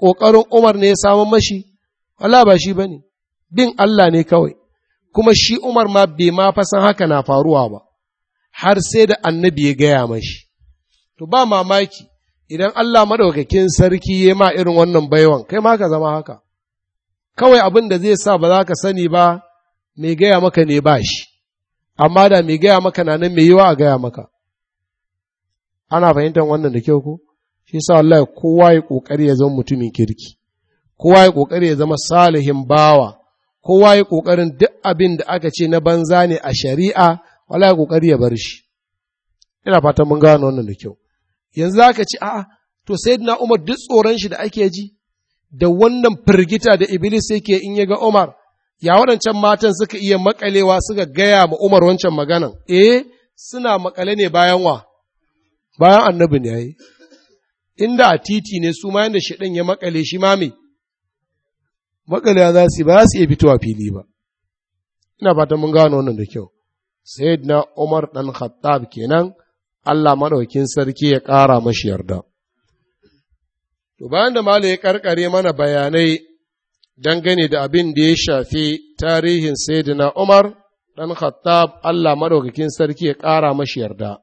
ƙoƙarin Umar ne ya samu mashi Allah ba shi ba ne. bin Allah ne kawai kuma shi Umar ma bai ma fasan haka na faruwa ba har sai da annabi ya gaya mashi to ba mamaki idan Allah maɗaukakin sarki ya ma irin wannan baiwan kai ma ka zama haka kawai abin da zai sa ba za ka sani ba mai gaya maka ne ba shi amma da mai gaya maka na nan mai yiwa a gaya maka ana fahimtar wannan da kyau ko shi sa wallahi kowa ya kokari ya zama mutumin kirki kowa ya kokari ya zama salihin bawa kowa ya kokarin duk abin da aka ce na banza ne a shari'a wallahi kokari ya bar shi ina fatan mun gano wannan da kyau yanzu za ka ci a'a to sai na Umar duk tsoron shi da ake ji da wannan firgita da Iblis yake in ya ga Umar ya waɗancan matan suka iya makalewa suka gaya ma Umar wancan maganan eh suna makale ne bayan wa bayan annabi ne yayi inda a titi ne su ma yanda shedan ya makale shi ma me makalewa za su ba za su iya fitowa fili ba ina fatan mun gano wannan da kyau sayyidina Umar dan Khattab kenan Allah maɗaukin sarki ya ƙara mashi yarda. To bayan da Malam ya ƙarƙare mana bayanai dangane da abin da ya shafi tarihin Sayyidina Umar ɗan Khattab Allah maɗaukakin sarki ya ƙara mashi yarda.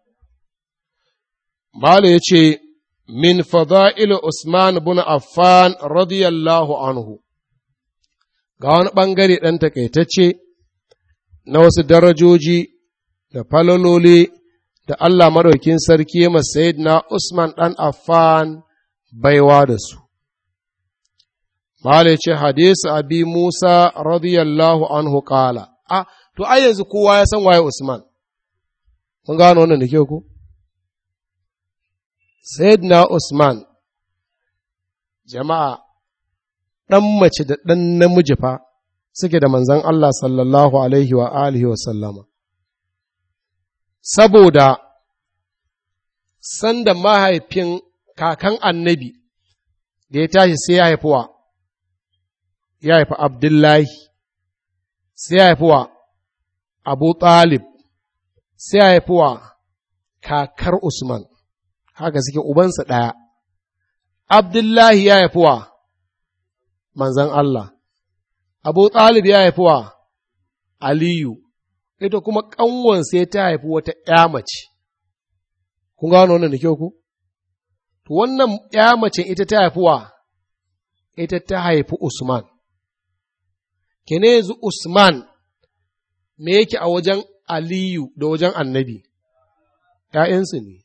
Malam ya ce, Min fada'il Usman bin Affan radiyallahu anhu, ga wani ɓangare ɗan takaitacce na wasu darajoji da falololi da Allah maraukin sarki ma na Usman ɗan Affan baiwa da su. Mala ce hadisu abi Musa radiyallahu anhu ƙala, a, to ai yanzu kowa ya san waye Usman, mun gano wannan da ke ku? na Usman, jama'a, ɗan mace da ɗan namiji fa suke da manzan Allah sallallahu alaihi wa alihi wa sallama. saboda sanda mahaifin kakan annabi da ya tashi sai ya haifuwa, ya haifi Abdullahi, sai ya haifuwa Abu Talib, sai ya haifuwa kakar Usman, haka suke ubansa ɗaya. Abdullahi ya haifuwa manzan Allah, Abu Talib ya haifuwa Aliyu, ita kuma ƙanwan sai ta haifi wata ‘ya mace, kun gano wannan da kyau ku? To wannan ‘ya mace ita ta haifi wa, ita ta haifi Usman. Kene yanzu Usman me yake a wajen Aliyu da wajen annabi, ‘ya'yansu ne,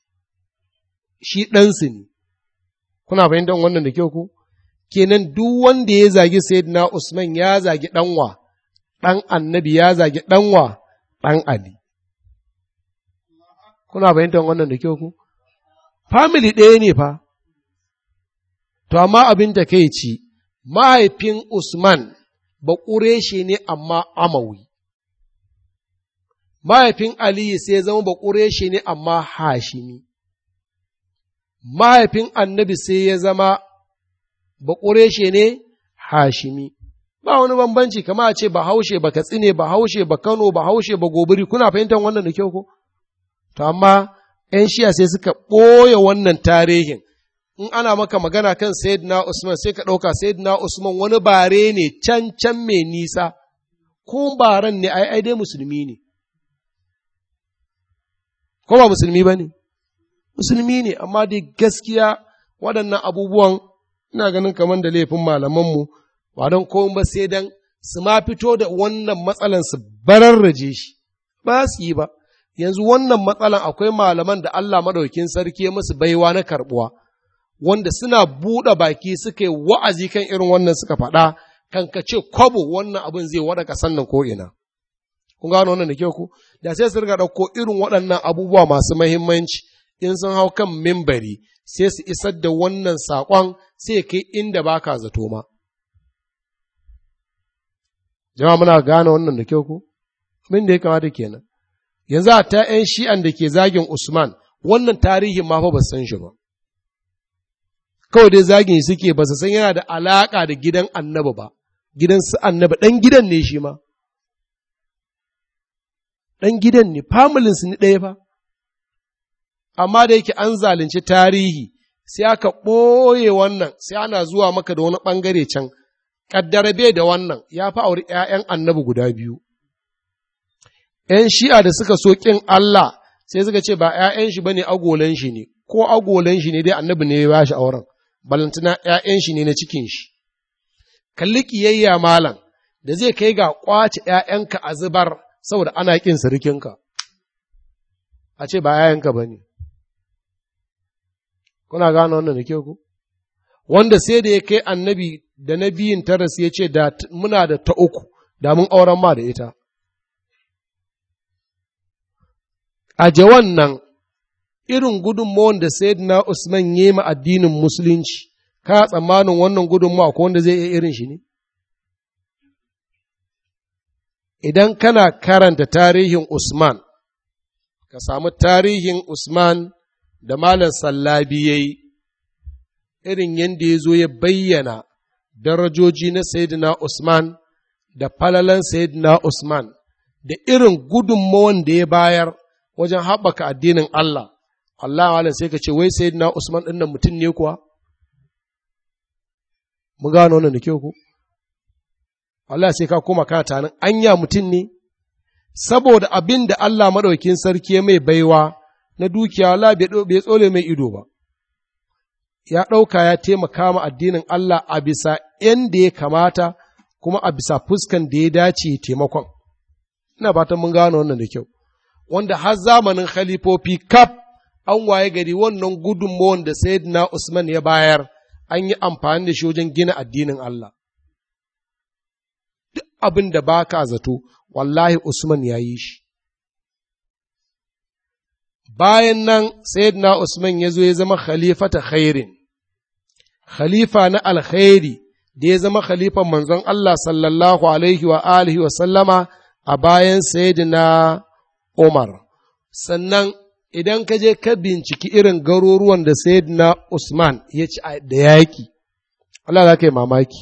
shi ɗansu ne, kuna fahimtar wannan da kyau ku? Kenan duk wanda ya zagi Sayyidina Usman ya zagi ɗanwa, ɗan annabi ya zagi ɗanwa. ɗan Ali. Kuna fahimtar wannan da kyau ku? family ɗaya ne fa, to amma abin da kai ci, mahaifin Usman ba shi ne amma Amawi, mahaifin Aliyu sai zama ba shi ne amma Hashimi, mahaifin annabi sai ya zama ba shi ne Hashimi. ba wani bambanci kama a ce ba haushe ba katsine ba haushe ba kano ba haushe ba gobiri kuna fahimtar wannan da kyau ko to amma yan shiya sai suka ɓoye wannan tarihin in ana maka magana kan sayyidina usman sai ka ɗauka sayyidina usman wani bare ne can can mai nisa ko baran ne ai ai dai musulmi ne ko ba musulmi ba ne musulmi ne amma dai gaskiya waɗannan abubuwan ina ganin kamar da laifin malamanmu ba don koyon ba sai don su ma fito da wannan matsalan su bararraje shi ba su yi ba yanzu wannan matsalan akwai malaman da Allah madaukin sarki ya musu baiwa na karbuwa wanda suna buɗe baki suka yi wa'azi kan irin wannan suka faɗa kan ka ce kwabo wannan abin zai waɗa ƙasan nan ko ina kun gano wannan da kyau ku da sai su riga ɗauko irin waɗannan abubuwa masu mahimmanci in sun hau kan mimbari sai su isar da wannan saƙon sai kai inda baka zato ma jama'a muna gane wannan da kyau ko min da ya kamata kenan yanzu a ta ‘yan shi'an da ke zagin Usman wannan tarihin ma fa ba san shi ba. Kawai dai zagin suke ba su san yana da alaka da gidan annaba ba, gidan su annaba ɗan gidan ne shi ma. Ɗan gidan ne, su ne ɗaya ba. Amma da yake an zalunci tarihi, sai aka ɓoye wannan, sai ana zuwa maka da wani ɓangare can, ƙaddarabe bai da wannan ya fi auri ‘ya'yan annabi guda biyu. ‘Yan shi'a da suka so ƙin Allah sai suka ce ba ‘ya'yan shi ba ne agolan shi ne, ko agolan shi ne dai annabi ne ya ba shi auren, balantana ‘ya'yan shi ne na cikin shi. Kalli ƙiyayya malam da zai kai ga ƙwace ‘ya'yanka a zubar saboda ana ƙin sirikinka. A ce ba ‘ya'yanka ba ne. Kuna gane wannan da kyau ku? Wanda sai da ya kai annabi da na biyun taras ya ce muna da ta uku da mun auren ma da ita a jawan nan irin gudunmawan da sayyidina Usman ya yi addinin musulunci ka tsammanin wannan gudunmawa ko wanda zai iya irin shi ne idan kana karanta tarihin Usman ka samu tarihin Usman da Malam Sallabi ya yi, irin yadda ya zo ya bayyana darajoji na Sayyidina Usman da falalan Sayyidina Usman da irin gudunmawan da ya bayar wajen haɓaka addinin Allah, Allah wa sai ka ce, wai Sayyidina Usman ɗin nan mutum ne kuwa? Mun gano wannan da kyau ku? Allah sai ka koma kana tanin anya mutum ne, saboda abin da Allah maɗaukin sarki ya mai baiwa na dukiya Allah bai tsole mai ido ba. ya ɗauka ya taimaka ma addinin Allah a bisa inda ya kamata kuma a bisa fuskan da ya dace taimakon. Ina fatan mun gano wannan da kyau. Wanda har zamanin khalifofi kaf an waye gari wannan gudunmawan da Sayyidina Usman ya bayar an yi amfani da shi wajen gina addinin Allah. Duk abin da baka zato, wallahi Usman ya yi shi. bayan nan sayyidina Usman ya zo ya zama khalifata khairin khalifa na alkhairi da ya zama khalifan manzon Allah sallallahu alaihi wa alihi wa sallama a bayan sayyidina Umar sannan idan ka je ka binciki irin garuruwan da sayyidina Usman ya ci da yaƙi Allah za ka yi mamaki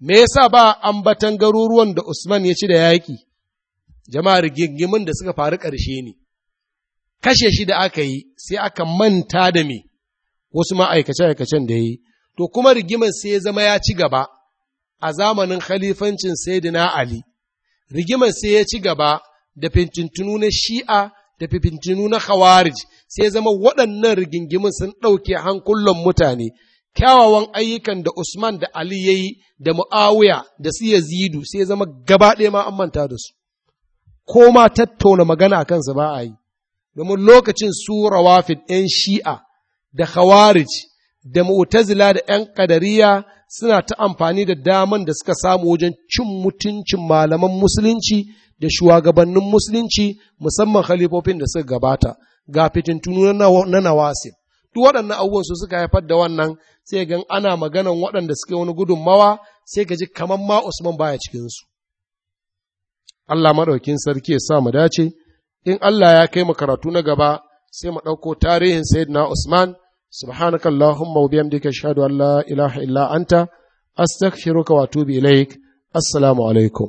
me yasa ba ambatan garuruwan da Usman ya ci da yaƙi jama'ar gingimin da suka faru ƙarshe ne kashe shi da aka yi sai aka manta da me wasu ma'aikace-aikacen da yi to kuma rigimar sai ya zama ya ci gaba a zamanin khalifancin sayyidina ali rigimar sai ya ci gaba da fintintunu na shi'a da fintintunu na khawarij sai ya zama waɗannan rigingimin sun ɗauke hankulan mutane kyawawan ayyukan da usman da ali ya yi da mu'awiya da su yazidu sai ya zama gaba ɗaya ma an manta da su ko ma tattauna magana a kansa ba a yi domin lokacin su rawafid ‘yan shi'a da khawarij da mu'tazila da ‘yan ƙadariya suna ta amfani da daman da suka samu wajen cin mutuncin malaman musulunci da shugabannin musulunci musamman halifofin da suka gabata ga fitintunu na nawasib duk waɗannan abubuwan su suka haifar da wannan sai gan ana maganan waɗanda suka wani gudunmawa sai ka ji kamar ma Usman baya cikinsu. Allah maɗaukin sarki ya sa mu dace. in Allah ya kai mu karatu na gaba sai mu ɗauko tarihin sayyidina Usman subhanaka Allahumma wa bihamdika ashhadu an la ilaha illa anta astaghfiruka wa atubu ilaik assalamu alaikum